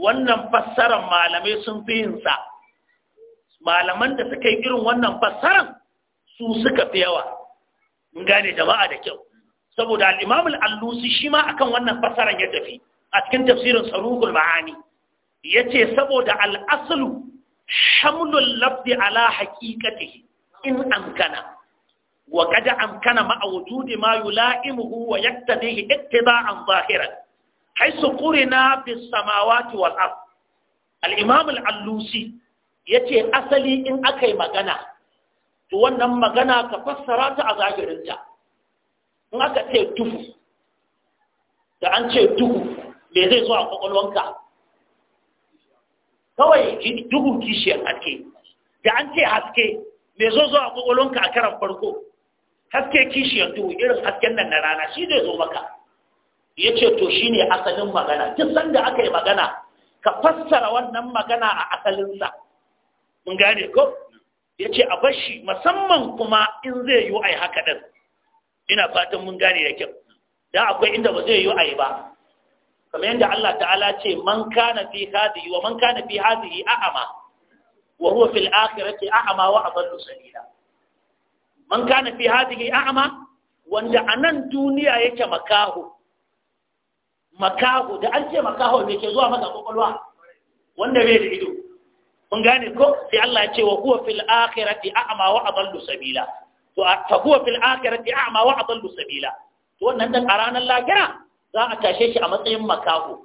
wannan fassarar malamai sun fi yin sa malaman da suka yi irin wannan fassarar su suka fi yawa mun gane jama'a da kyau saboda al-Imam al-Allusi shi ma akan wannan fassarar ya tafi a cikin tafsirin Saruhul Ma'ani yace saboda al-aslu hamlul lafzi ala haqiqatihi in amkana wa kada amkana ma'a wujudi ma yula'imuhu wa yaktadihi ittiba'an zahiran haisu qurina bis samawati wal ard al-imam al-allusi yace asali in akai magana to wannan magana ka fassara ta a ta in aka ce duhu da an ce duhu me zai zo a kwakwalwanka kawai duhu kishiyar haske da an ce haske me zo zuwa a kwakwalonka a karan farko haske kishiyar duhu irin hasken nan na rana shi zai zo maka ya ce to shi ne asalin magana duk sanda aka yi magana ka fassara wannan magana a asalinsa mun gane ko ya ce a bashi musamman kuma in zai yi a haka ɗin ina fatan mun gane da kyau da akwai inda ba zai yi a ba kamar yadda Allah ta'ala ce man kana fi hadihi wa man kana fi hadihi a'ama wa huwa fil akhirati a'ma wa adallu sabila man kana fi hadhihi a'ma wanda anan duniya yake makaho makaho da an ce makaho me ke zuwa maka kokolwa wanda bai da ido kun gane ko sai Allah ya ce wa huwa fil akhirati a'ma wa sabila to fa huwa fil akhirati sabila to wannan dan a ranar lahira za a tashe shi a matsayin makaho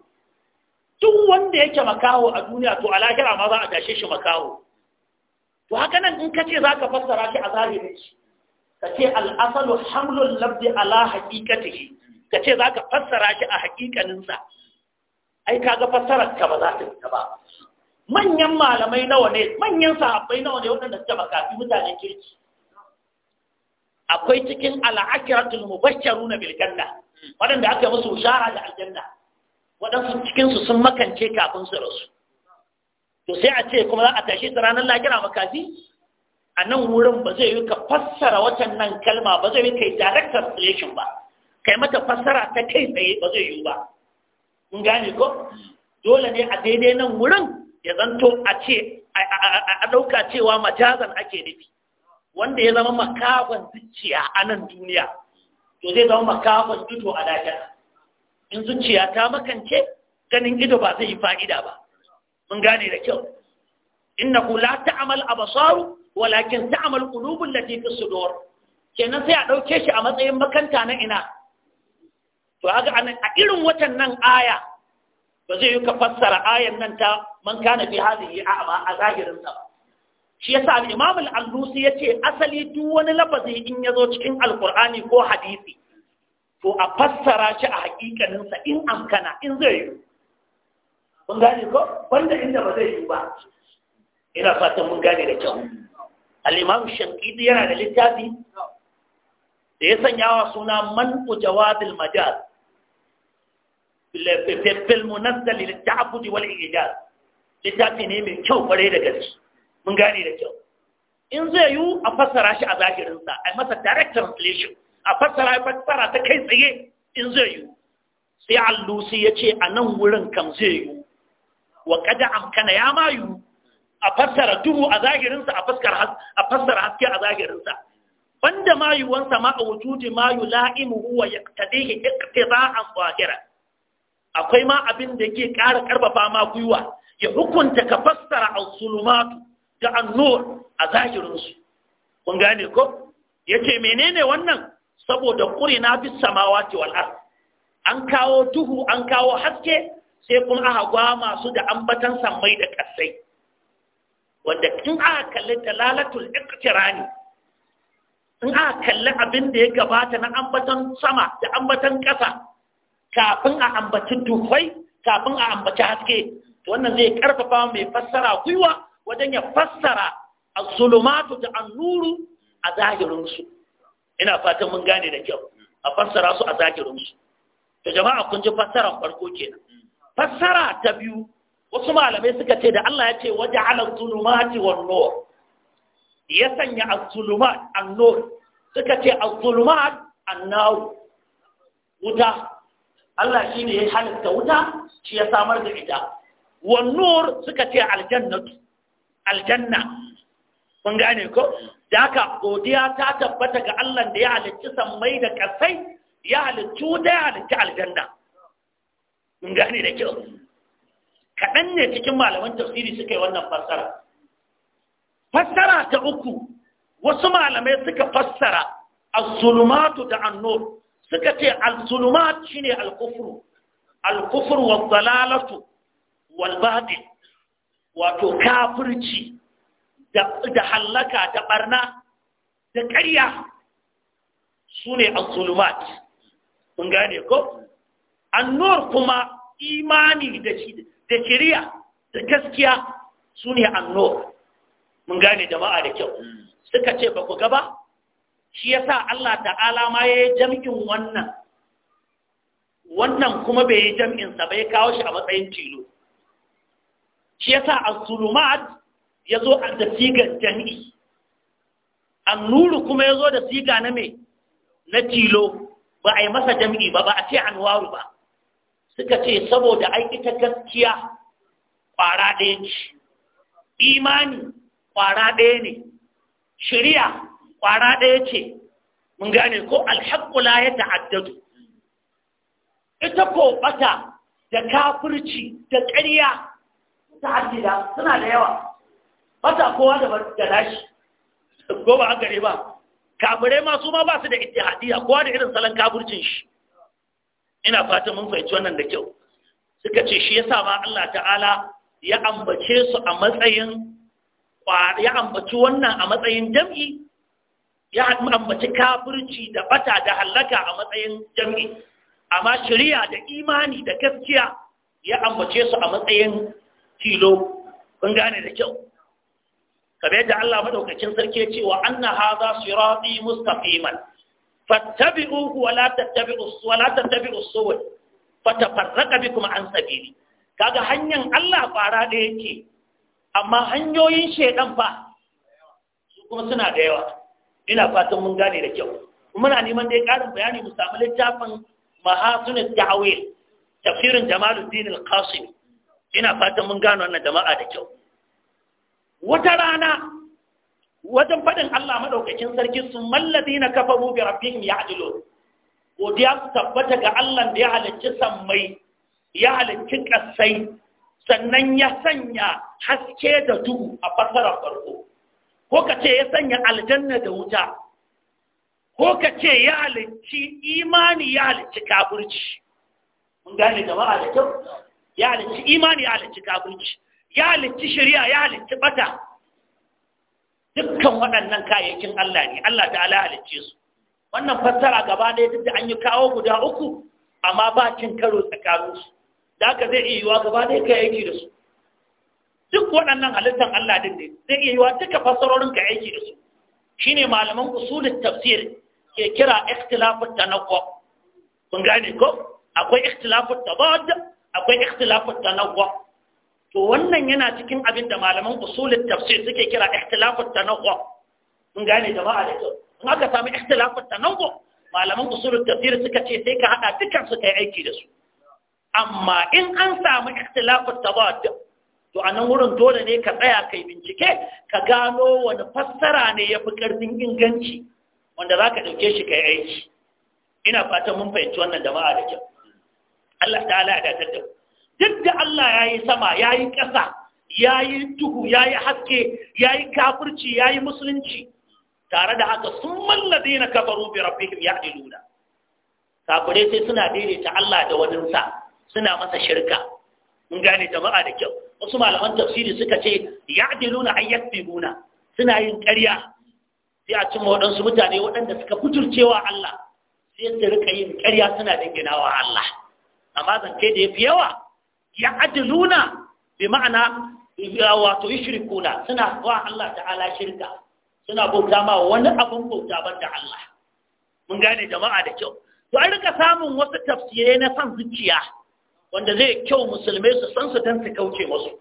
Tun wanda yake makaho a duniya to a ma za a tashe shi makaho to haka nan in ka ce za ka fassara shi a zahirin shi ka ce al'asalu hamlul labdi ala haƙiƙatihi ka ce za ka fassara shi a haƙiƙaninsa ai kaga fassarar ka ba za ta fita ba manyan malamai nawa ne manyan sahabbai nawa ne waɗanda suka makafi mutane kirki akwai cikin al'akiratul mubashsharuna bil janna waɗanda aka yi musu shara da aljanna waɗansu cikinsu sun makance kafin su rasu to sai a ce kuma za a tashi ta ranar lahira makafi a nan wurin ba zai yi ka fassara watan nan kalma ba zai yi kai direct translation ba kai mata fassara ta kai tsaye ba zai yi ba in gane ko dole ne a daidai nan wurin ya zanto a ce a ɗauka cewa majazan ake nufi wanda ya zama makafan zuciya a nan duniya to zai zama makafan duto a lahira in zuciya ta makance ganin ido ba zai yi fa'ida ba mun gane da kyau innahu la ta'mal absaru walakin ta'mal qulubul lati fi sudur kenan sai a dauke shi a matsayin makanta na ina to haka anan a irin watan nan aya ba zai yi ka fassara ayan nan ta man kana fi hadhihi a'ma a zahirin sa ba shi yasa al-imam al-alusi yace asali duk wani lafazi in yazo cikin alqur'ani ko hadisi to a fassara shi a hakikaninsa in amkana in zai yi mun gane ko wanda inda ba zai yi ba ina fatan mun gane da kyau al-imam shankidi yana da littafi da ya sanya wa suna man jawadil majal fil munazzali lil ta'abbud wal ijaz littafi ne mai kyau kware da gaske mun gane da kyau in zai yi a fassara shi a zahirinsa a masa direct translation a fassara fassara ta kai tsaye in zai yi sai allusi ya ce a nan wurin kam zai yi wa kada amkana ya mayu a fassara duhu a zahirinsa a fassara haske a zahirinsa banda wansa ma a wujudi mayu la'imu huwa ya za a tsohira akwai ma abin da ke ƙara ƙarfafa ma gwiwa ya hukunta ka fassara a sulumatu da an a zahirinsu kun gane ko ce menene wannan saboda ƙurina fi samawati wal ard an kawo duhu an kawo haske sai kuma aka gwa masu da ambatan sammai da kasai wanda in aka kalli dalalatul iqtirani in aka kalli abin da ya gabata na ambatan sama da ambatan ƙasa kafin a ambaci duhai kafin a ambaci haske wannan zai karfafa mai fassara gwiwa wajen ya fassara Zulumatu da Nuru a zahirinsu ina fatan mun gane da kyau a fassara su a zahirin su to jama'a kun ji fassarar farko kenan fassara ta biyu wasu malamai suka ce da Allah ya ce waje ala zulumati wan nur ya sanya az-zulumat an-nur suka ce az-zulumat an-nar wuta Allah shi ne ya halitta wuta shi ya samar da ita wan nur suka ce aljannatu aljanna kun gane ko da haka godiya ta tabbata ga Allah da ya halicci sammai da kasai ya halicci da ya halicci aljanna mun gane da kyau kaɗan ne cikin malaman tafsiri suka yi wannan fassara fassara ta uku wasu malamai suka fassara az-zulumatu da an suka ce al-zulumat shine al-kufru al-kufru wad-dalalatu wal-batil wato kafirci da hallaka da barna da ƙarya su ne al-zulumat mun gane ko annur kuma imani da shi da kiriya da gaskiya su ne annur mun gane jama'a da kyau suka ce ba ku gaba shi yasa Allah ta'ala ma ya yi jam'in wannan wannan kuma bai yi jam'insa bai kawo shi a matsayin tilo shi yasa as-zulumat ya zo da sigar jami'i nuru kuma ya zo da siga na me na tilo ba a yi masa jami'i ba ba a ce waru ba suka ce saboda ai ita gaskiya ƙwara ɗaya ce imani ƙwara ɗaya ne shirya ƙwara ɗaya ce mun gane ko alhaƙula ya ta'addadu ita ko ɓata da kafirci da ƙarya ta'addida suna da yawa Mata kowa da nashi ko ba an gare ba kafirai ma ma ba su da ittihadiyya kowa da irin salon kaburcin shi ina fatan mun fahimci wannan da kyau suka ce shi yasa ma Allah ta'ala ya ambace su a matsayin ya ambaci wannan a matsayin jam'i ya ambaci kafirci da bata da hallaka a matsayin jam'i amma shari'a da imani da gaskiya ya ambace su a matsayin tilo kun gane da kyau kamar yadda Allah madaukakin sarki ya ce wa anna hadha sirati mustaqiman fattabi'uhu wa la tattabi'u wa la tattabi'u subul fatafarraqu bikum an sabili kaga hanyar Allah fara da yake amma hanyoyin shedan fa su kuma suna da yawa ina fatan mun gane da kyau muna neman dai karin bayani mu samu littafin mahasunat ta'wil tafsirin jamaluddin al-qasim ina fatan mun gano wannan jama'a da kyau wata rana wajen faɗin Allah maɗaukakin sarki su mallazi na kafa bi rafin ya adilo godiya su tabbata ga Allah da ya halicci sammai ya halicci ƙasai sannan ya sanya haske da duhu a fasarar farko ko ka ce ya sanya aljanna da wuta ko ka ce ya halicci imani ya halicci kaburci mun gane jama'a da kyau ya halicci imani ya halicci kaburci ya halicci shari'a ya halicci bata dukkan waɗannan kayayyakin Allah ne Allah ta'ala halicce su wannan fassara gaba ɗaya duk da an yi kawo guda uku amma ba cin karo tsakanin su da haka zai iya yiwa gaba ɗaya kai aiki da su duk waɗannan halittar Allah din ne zai iya yiwa duka fassarorin ka aiki da su shine malaman usulul tafsir ke kira ikhtilafut tanawwu kun gane ko akwai ikhtilafut tabad akwai ikhtilafut tanawwu to wannan yana cikin abin da malaman usulul tafsir suke kira ihtilafut tanawwu mun gane jama'a da kyau in aka samu ihtilafut tanawwu malaman usulul tafsir suka ce sai ka hada dukkan su kai aiki da su amma in an samu ihtilafut tabad to anan wurin dole ne ka tsaya kai bincike ka gano wani fassara ne yafi karfin inganci wanda zaka dauke shi kai aiki ina fatan mun fahimci wannan jama'a da kyau Allah ta'ala ya dace da mu duk da Allah ya yi sama ya yi ƙasa ya yi tuhu ya yi haske ya yi kafirci ya yi musulunci tare da haka sun mallade na kafaru bi rabbihim ya iluna kafirai sai suna daidaita Allah da waninsa suna masa shirka mun gane jama'a da kyau wasu malaman tafsiri suka ce ya diluna ay yakbibuna suna yin ƙarya sai a cimma waɗansu mutane waɗanda suka fiturcewa Allah sai su rika yin ƙarya suna dinginawa Allah amma zance da yafi yawa ya adiluna bi ma'ana wato yushrikuna suna wa Allah ta'ala shirka suna bauta ma wani abun bauta da Allah mun gane jama'a da kyau to an rika samun wasu tafsirai na san zuciya wanda zai kyau musulmai su san su dan su kauce musu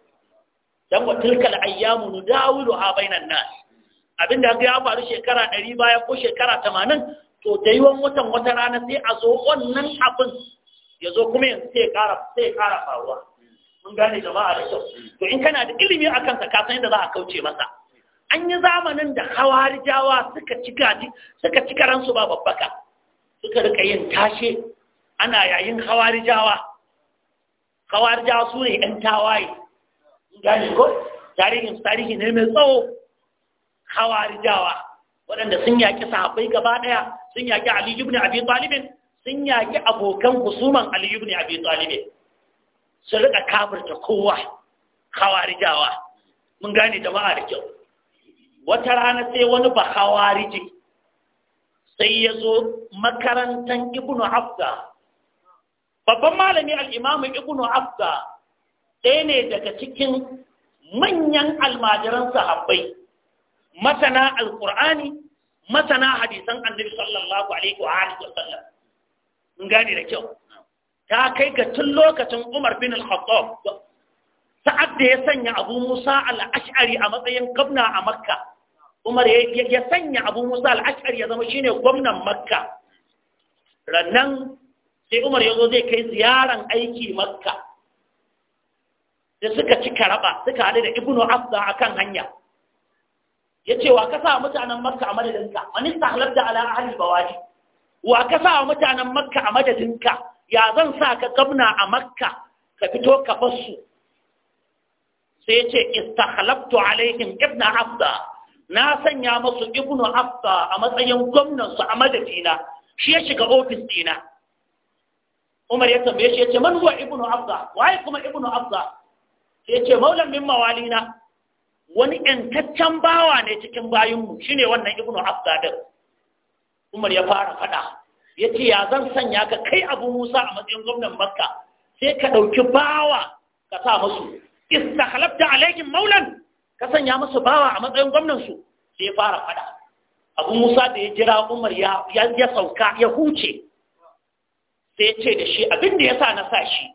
dan wa tilkal ayyamu nudawilu ha bainan nas abinda ga ya faru shekara 100 baya ko shekara 80 to da daiwan watan wata rana sai a zo wannan abin ya zo kuma yanzu sai ya ƙara sai ƙara faruwa mun gane jama'a da kyau to in kana da ilimi a kansa ka san yadda za a kauce masa an yi zamanin da hawarijawa suka cika suka cika ransu ba babbaka suka rika yin tashe ana yayin hawarijawa hawarijawa su ne yan tawaye Mun gane ko tarihin tarihi ne mai tsawo hawarijawa waɗanda sun yaƙi sahabbai gaba ɗaya sun yaƙi ali ibn abi talibin sun yaƙi abokan husuman Ali ibn Abi Talib su rika kafirta kowa khawarijawa mun gane jama'a da kyau wata rana sai wani ba khawariji sai ya zo makarantan Ibn Abda babban malami al Ibnu Ibn Abda ɗaya ne daga cikin manyan almajiran sahabbai masana alkur'ani masana hadisan annabi sallallahu alaihi wa alihi mun gane da kyau ta kai ga tun lokacin Umar bin Al-Khattab sa'ad da ya sanya Abu Musa Al-Ash'ari a matsayin gwamna a Makka Umar ya sanya Abu Musa Al-Ash'ari ya zama shine gwamnan Makka rannan sai Umar ya zo zai kai ziyaran aiki Makka da suka ci karaba suka haɗu da Ibnu Abda akan hanya ya ce wa ka sa mutanen Makka a madadinka wani sahlar da ala ahli bawaji wa ka sa wa mutanen makka a madadinka ya zan sa ka gabna a makka ka fito ka fassu sai ce istakhlaftu alaihim ibnu afda na sanya musu ibnu afda a matsayin gwamnan su a madadina shi ya shiga ofis dina umar ya tambaye shi ya ce man huwa ibnu afda waye kuma ibnu afda sai ya ce maulan min mawalina wani ƴantaccen bawa ne cikin bayinmu shine wannan ibnu afda din umar ya fara faɗa ya ce ya zan sanya ka kai abu musa a matsayin gwamnan makka sai ka ɗauki bawa ka sa musu istakhlafta alaihim maulan ka sanya musu bawa a matsayin gwamnan su sai ya fara faɗa abu musa da ya jira umar ya ya sauka ya huce sai ce da shi abin da ya sa na sa shi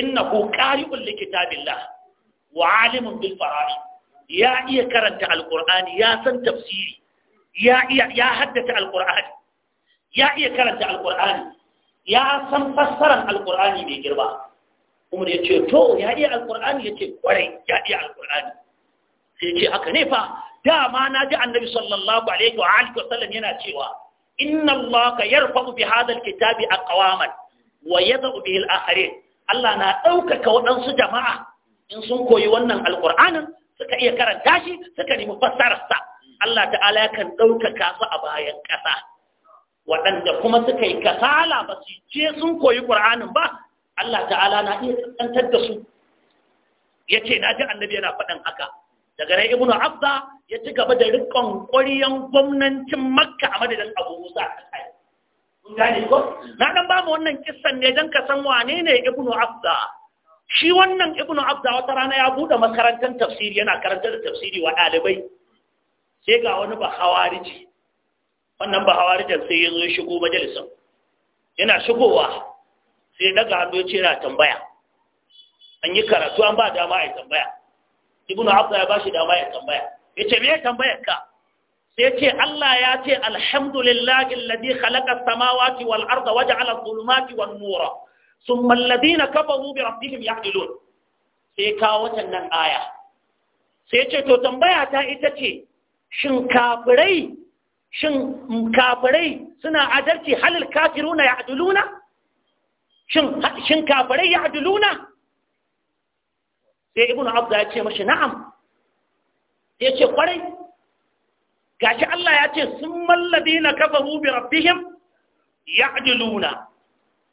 innahu qari'un likitabillah wa alimun bil fara'i ya iya karanta alqur'ani ya san tafsiri ya iya ya haddata alqur'ani ya iya karanta alqur'ani ya san fassaran alqur'ani mai girma umar ya ce to ya iya alqur'ani ya ce kwarai ya iya alqur'ani sai ce haka ne fa dama na ji annabi sallallahu alaihi wa alihi wa sallam yana cewa inna allaha yarfa'u bi hadha alkitabi aqwaman wa yad'u bihi al-akharin Allah na ɗaukaka waɗansu jama'a in sun koyi wannan alƙur'anin suka iya karanta shi suka nemi fassararsa Allah ta'ala kan ɗaukaka su a bayan ƙasa waɗanda kuma suka yi kasala ba su ce sun koyi ƙur'anin ba Allah ta'ala na iya tsantar da su ya ce na ji annabi yana faɗin haka daga rai ibnu Abza ya ci gaba da riƙon ƙwariyan gwamnancin makka a madadin abu musa na ɗan ba mu wannan kisan ne don ka san wane ne ibnu Abza. shi wannan ibnu abda wata rana ya buɗe makarantar tafsiri yana karantar da tafsiri wa ɗalibai sai ga wani bahawariji wannan bahawarijan sai ya zo shigo majalisar yana shigowa sai daga hannu ya ce yana tambaya an yi karatu an ba dama ya tambaya ibn abda ya bashi dama ya tambaya ya ce me tambayar ka sai ce Allah ya ce alhamdulillahi alladhi khalaqa as-samawati wal arda wa ja'ala adh-dhulumati wan nura thumma alladhina kafaru bi rabbihim ya'dilun sai ka wata nan aya sai ce to tambaya ta ita ce shin kafirai shin kafirai suna adalci halil kafiruna ya aduluna shin kafirai ya aduluna sai ibn abda ya ce mashi na'am ya ce kwarai gashi Allah ya ce sun mallabi na kafa bi rabbihim ya aduluna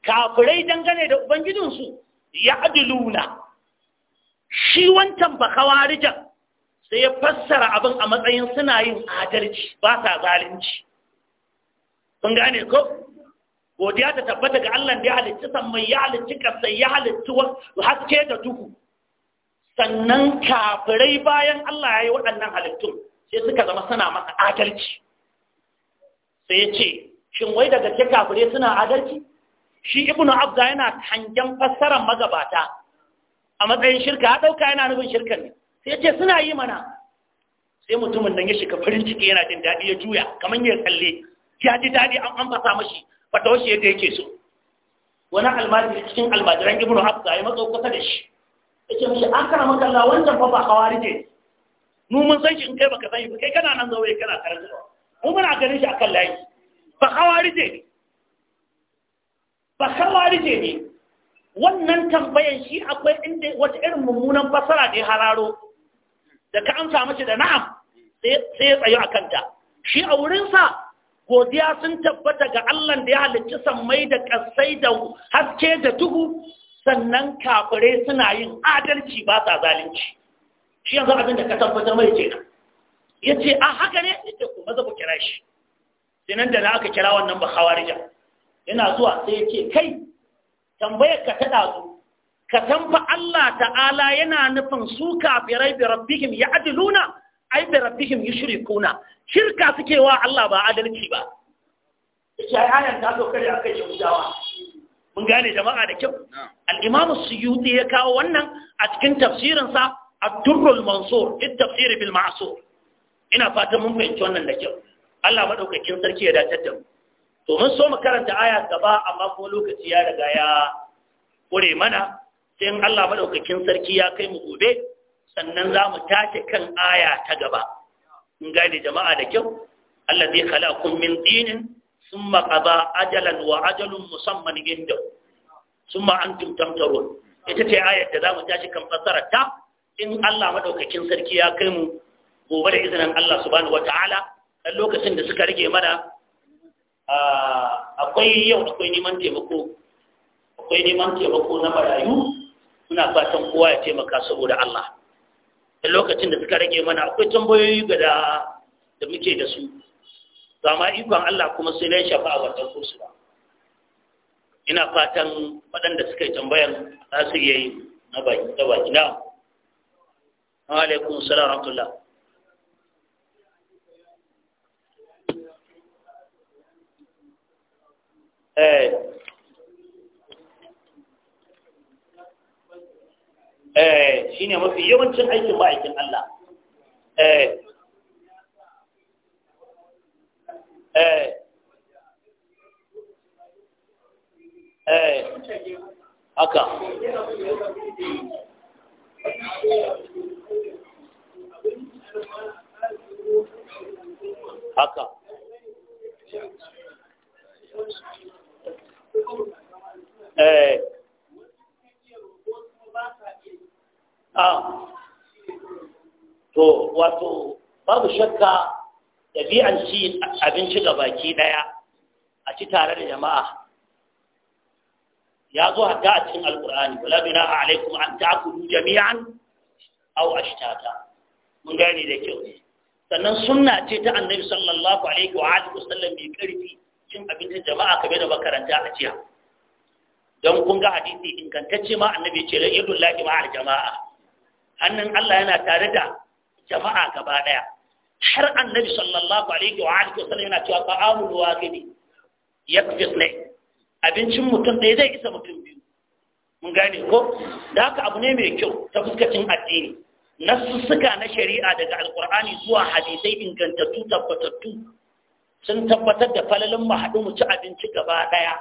kafirai dangane da ubangijinsu ya aduluna shi wancan ba kawarijan sai ya fassara abin a matsayin suna yin adalci ba sa zalunci kun gane ko godiya ta tabbata ga Allah da ya halicci sammai ya halicci kasai ya halicci haske da duhu sannan kafirai bayan Allah ya yi waɗannan halittun sai suka zama suna masa adalci sai ya ce shin wai daga ke kafirai suna adalci shi ibnu abda yana hangen fassarar magabata a matsayin shirka ya ɗauka yana nufin shirka ne ya ce suna yi mana sai mutumin nan ya shiga farin ciki yana jin daɗi ya juya kamar ya tsalle ya ji daɗi an an fasa mashi fata wasu yadda yake so wani almajiri cikin almajiran ibnu hafsa ya matso kusa da shi ya ce mashi an kana makalla wancan fa ba hawari ce. mu mun san shi in kai baka sani ba kai kana nan zaure kana karanta mu muna ganin shi akan layi ba hawari ne ba ce ne wannan tambayan shi akwai inda wata irin mummunan fasara da ya hararo da ka amsa mace da na'am sai ya tsayo a kanta shi a wurinsa godiya sun tabbata ga Allah da ya halicci sammai da ƙasai da haske da tuhu sannan kafirai suna yin adalci ba sa zalunci shi yanzu abin da ka tabbatar mai ce ya ce a haka ne ya ce ku maza ku kira shi sinan da na aka kira wannan ba hawarija yana zuwa sai ya ce kai tambayar ka ta ɗazu ka tamfa Allah ta'ala yana nufin su kafirai bi rabbihim ya'diluna ai bi rabbihim yushrikuna shirka suke wa Allah ba adalci ba yace ai ayan ta zo kare akai yahudawa mun gane jama'a da kyau al-imam suyuti ya kawo wannan a cikin tafsirin sa ad-durrul mansur fi tafsir bil ma'sur ina fatan mun fahimci wannan da kyau Allah madaukakin sarki ya dace da mu to mun so mu karanta aya gaba amma kuma lokaci ya riga ya kure mana sai in Allah madaukakin sarki ya kai mu gobe sannan za mu tace kan aya ta gaba in gane jama'a da kyau Allah zai khalaqakum min dinin thumma qada ajalan wa ajalun musamman inda thumma antum tamtarun ita ce ayar da za mu tashi kan fassarar ta in Allah madaukakin sarki ya kai mu gobe da izinin Allah subhanahu wataala dan lokacin da suka rage mana akwai yau akwai neman taimako akwai neman taimako na marayu muna fatan kowa ya taimaka saboda Allah da lokacin da suka rage mana akwai tambayoyi gada da muke da su ba ma ikon Allah kuma sai na shafa a wannan kursu ba ina fatan waɗanda suka yi tambayan za su iya yi na baki da baki na alaikum salam rahmatullah eh Eh, shi ne mafi yawancin aikin ma'aikin Allah eh, eh. eh. haka haka eh to wato babu shakka ɗabi'an ci abinci ga baki ɗaya a ci tare da jama'a ya zo hatta a cikin alkur'ani wala bina alaikum an ta'kulu jami'an aw ashtata mun gani da kyau sannan sunna ce ta annabi sallallahu alaihi wa alihi wasallam mai karfi cin abincin jama'a kamar da makaranta a ciya don kun ga hadisi ingantacce ma annabi ce la idullahi ma al jama'a hannun Allah yana tare da jama'a gaba ɗaya. har annabi sallallahu alaihi wa alihi wasallam yana cewa ta'amul waqidi ne abincin mutum ɗaya zai isa mutum biyu mun gane ko da haka abu ne mai kyau ta fuskacin addini nasussuka na shari'a daga alkur'ani zuwa hadisai ingantattu tabbatattu sun tabbatar da falalin mu haɗu mu ci abinci gaba ɗaya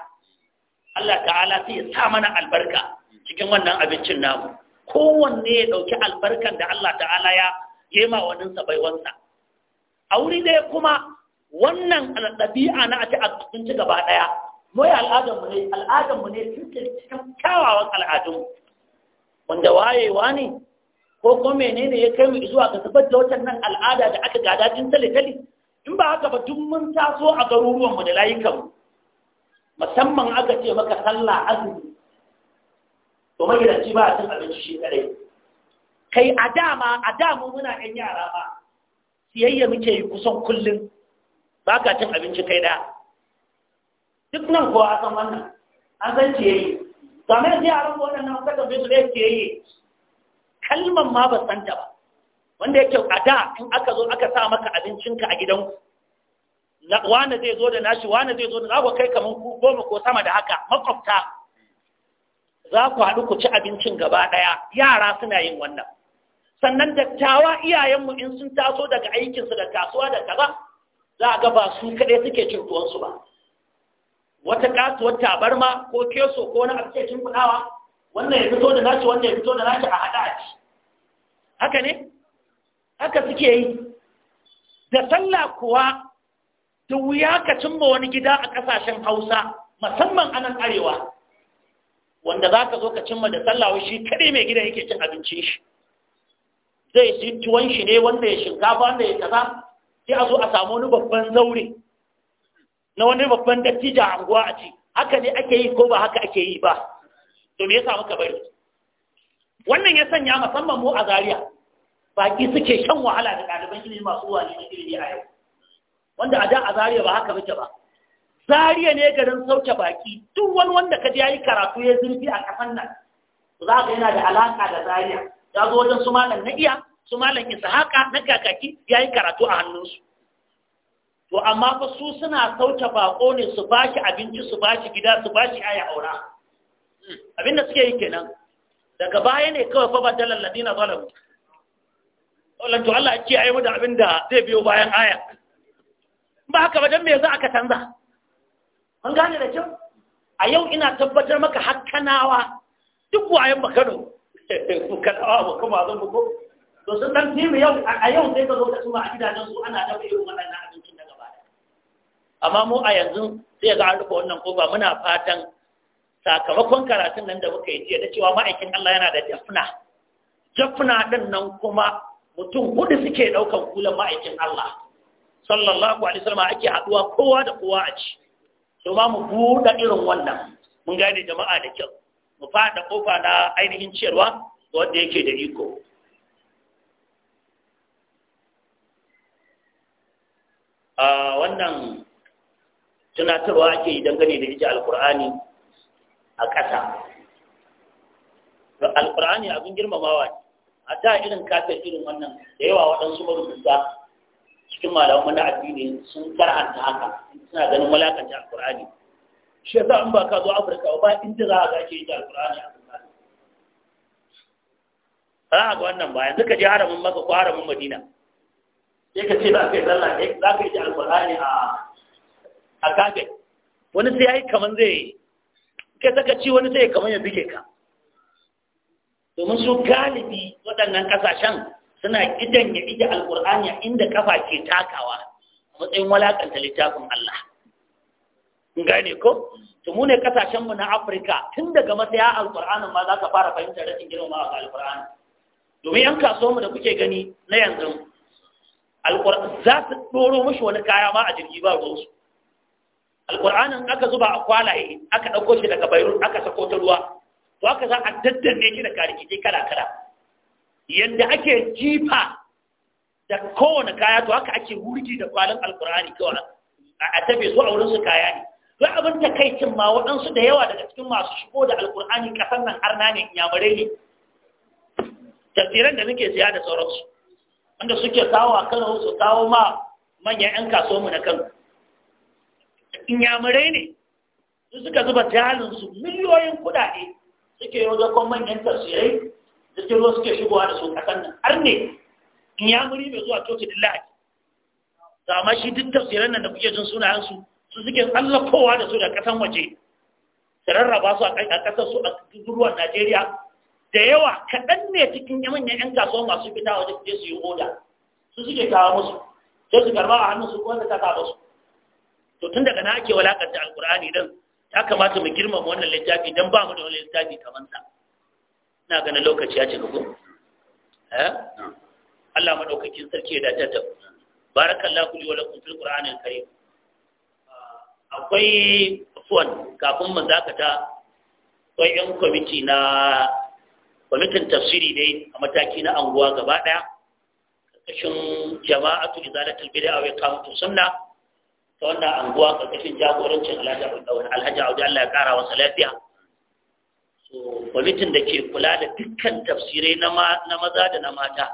Allah ta'ala sai ya sa mana albarka cikin wannan abincin namu kowanne ya ɗauki albarkan da Allah ta'ala ya yema wannan sabaiwansa a wuri ɗaya kuma wannan ɗabi'a na ake a cikin ci gaba ɗaya mai al'adarmu ne al'adarmu ne cikin kyawawan al'adunmu wanda wayewa ne ko ko menene ya kai mu zuwa ga zubar da wata nan al'ada da aka gada tun talitali, in ba haka ba duk mun taso a garuruwanmu da layukanmu musamman aka ce maka sallah azumi to magidanci ba a cin abinci shi kadai kai a dama a damu muna ɗan yara ba siyayya muke yi kusan kullum ba ka cin abinci kai da duk nan ko a san wannan an san ciyayi game da yaran waɗannan kuka tambaye su ne yi. kalman ma ba san ta ba wanda yake a da in aka zo aka sa maka abincinka a gidanku wane zai zo da nashi wane zai zo da zago kai kamar ku goma ko sama da haka makwabta za ku haɗu ku ci abincin gaba ɗaya yara suna yin wannan sannan dattawa iyayenmu in sun taso daga aikinsu da kasuwa da kaza za a ga ba su kaɗai suke cin tuwonsu ba wata kasuwar tabarma ko keso ko wani abu cin kuɗawa wannan ya fito da nashi wannan ya fito da nashi a haɗa a ci haka ne haka suke yi da sallah kuwa da wuya ka cimma wani gida a ƙasashen hausa musamman a nan arewa wanda za ka zo ka cimma da sallawa shi kaɗai mai gida yake cin abincin shi zai shi tuwon shi ne wanda ya shinkafa wanda ya kaza sai a zo a samu wani babban zaure na wani babban dattijo a anguwa a ci haka ne ake yi ko ba haka ake yi ba to me yasa muka bari wannan ya sanya musamman mu a Zariya baki suke shan wahala da ɗaliban ilimi masu wani ilimi a yau wanda a da a Zariya ba haka muke ba zariya ne garin sauke baki duk wani wanda ka ya yi karatu ya zurfi a kafan nan za ka yana da alaƙa da zariya ya zo wajen su malam na iya su malam haka, na kakaki ya yi karatu a hannunsu to amma fa su suna sauke bako ne su bashi abinci su bashi gida su bashi aya aura Abin da suke yi kenan daga baya ne kawai fa badalal ladina zalamu wallan to Allah ya ce ayi mu da abinda zai biyo bayan aya ba haka ba dan me yasa aka canza an gane da kyau a yau ina tabbatar maka hakanawa duk wayan 'yan kano kanawa ba kuma zan buko to sun dan yau a yau sai ka zo ka tuma a gidajen su ana dafa irin waɗannan abincin daga baya amma mu a yanzu sai ga an rufe wannan kofa muna fatan sakamakon karatun nan da muka yi jiya da cewa ma'aikin Allah yana da jafna jafna nan kuma mutum hudu suke daukan kulan ma'aikin Allah sallallahu alaihi wasallam ake haɗuwa kowa da kowa a ci to ma mu buɗe irin wannan mun gane jama'a da kyau mu fada kofa na ainihin ciyarwa wanda yake da iko a wannan tunatarwa ake yi dangane da ita alkur'ani a ƙasa alkur'ani abin girmamawa ne a ta irin kafin irin wannan da yawa waɗansu marubuta cikin malamu na addini sun karanta haka suna ganin walakanta alkur'ani shi yasa an ba ka zo afirka ba inda za a gashi da alkur'ani a tsakanin za a ga wannan ba yanzu ka je haramin maka ko haramin madina sai ka ce za ka yi sallah ne eh, za ka yi da alkur'ani a a kafe wani sai ya yi kaman zai yi kai saka ci wani sai ya kaman ya bige ka domin su galibi waɗannan ƙasashen suna gidan ya ije alqur'ani inda kafa ke takawa a matsayin walakanta littafin Allah gane ko to mu ne kasashen mu na Afirka tun daga matsaya Alƙur'anin ma za ka fara fahimtar rashin girma ga alqur'ani domin yan kasuwa mu da kuke gani na yanzu alqur'ani za su doro mushi wani kaya ma a jirgi ba ruwansu alƙur'anin aka zuba a kwalaye aka ɗauko shi daga bayrun aka sako ta ruwa to aka za a daddanne shi da karikike kala kala yadda ake jifa da kowane kaya to haka ake wurgi da kwalin alkur'ani kawai a tafe su wurin su kaya ne za abin cin ma waɗansu da yawa daga cikin masu shigo da alkur'ani kasan nan har na ne inyamurai ne Tafiran da muke siya da sauransu wanda suke kawo a kan su kawo ma manyan 'yan mu na kan inyamurai ne su suka zuba jalinsu miliyoyin kuɗaɗe suke yi wajen manyan tafsirai jirgin ruwa suke shigowa da su kasan nan har ne in ya muri mai zuwa coci da lahadi to amma shi duk tafsirin nan da kuke jin sunayen su su suke tsallakowa da su da kasan waje su rarraba su a kasar su a ruwan najeriya da yawa kaɗan ne cikin manyan 'yan kasuwa masu fita waje je su yi oda su suke kawo musu sai su karba a hannun su wanda ta kasa musu to tun daga na ake walakanta alkur'ani din ya kamata mu girmama wannan littafi don ba mu da wani littafi kamar sa ina ganin lokaci ya ci gaba eh Allah maɗaukakin sarki ya dace ta barakallahu li wa lakum fil qur'anil karim akwai fuwan kafin mu zakata akwai yan kwamiti na kwamitin tafsiri dai a mataki na anguwa gaba daya karkashin jama'atu izalatul bid'a wa kamun sunna ta wannan anguwa ƙarƙashin jagorancin alhaji Audu Allah ya ƙara wasa lafiya kwamitin da ke kula da dukkan tafsirai na maza da na mata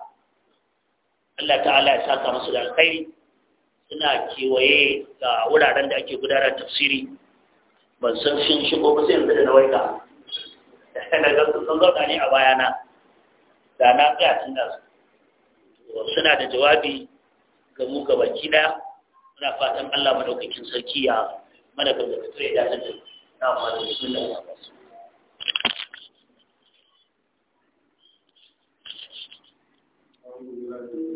Allah ta'ala ya saka musu da alkhairi suna kewaye ga wuraren da ake gudanar tafsiri ban san shin shigo ba sai yanzu da na waika na ga sun zauna ne a bayana da na tsaya tun da suna da jawabi ga mu ga baki suna muna fatan Allah madaukakin sarki ya mana gaba da tsaye da na malam bismillah Gracias.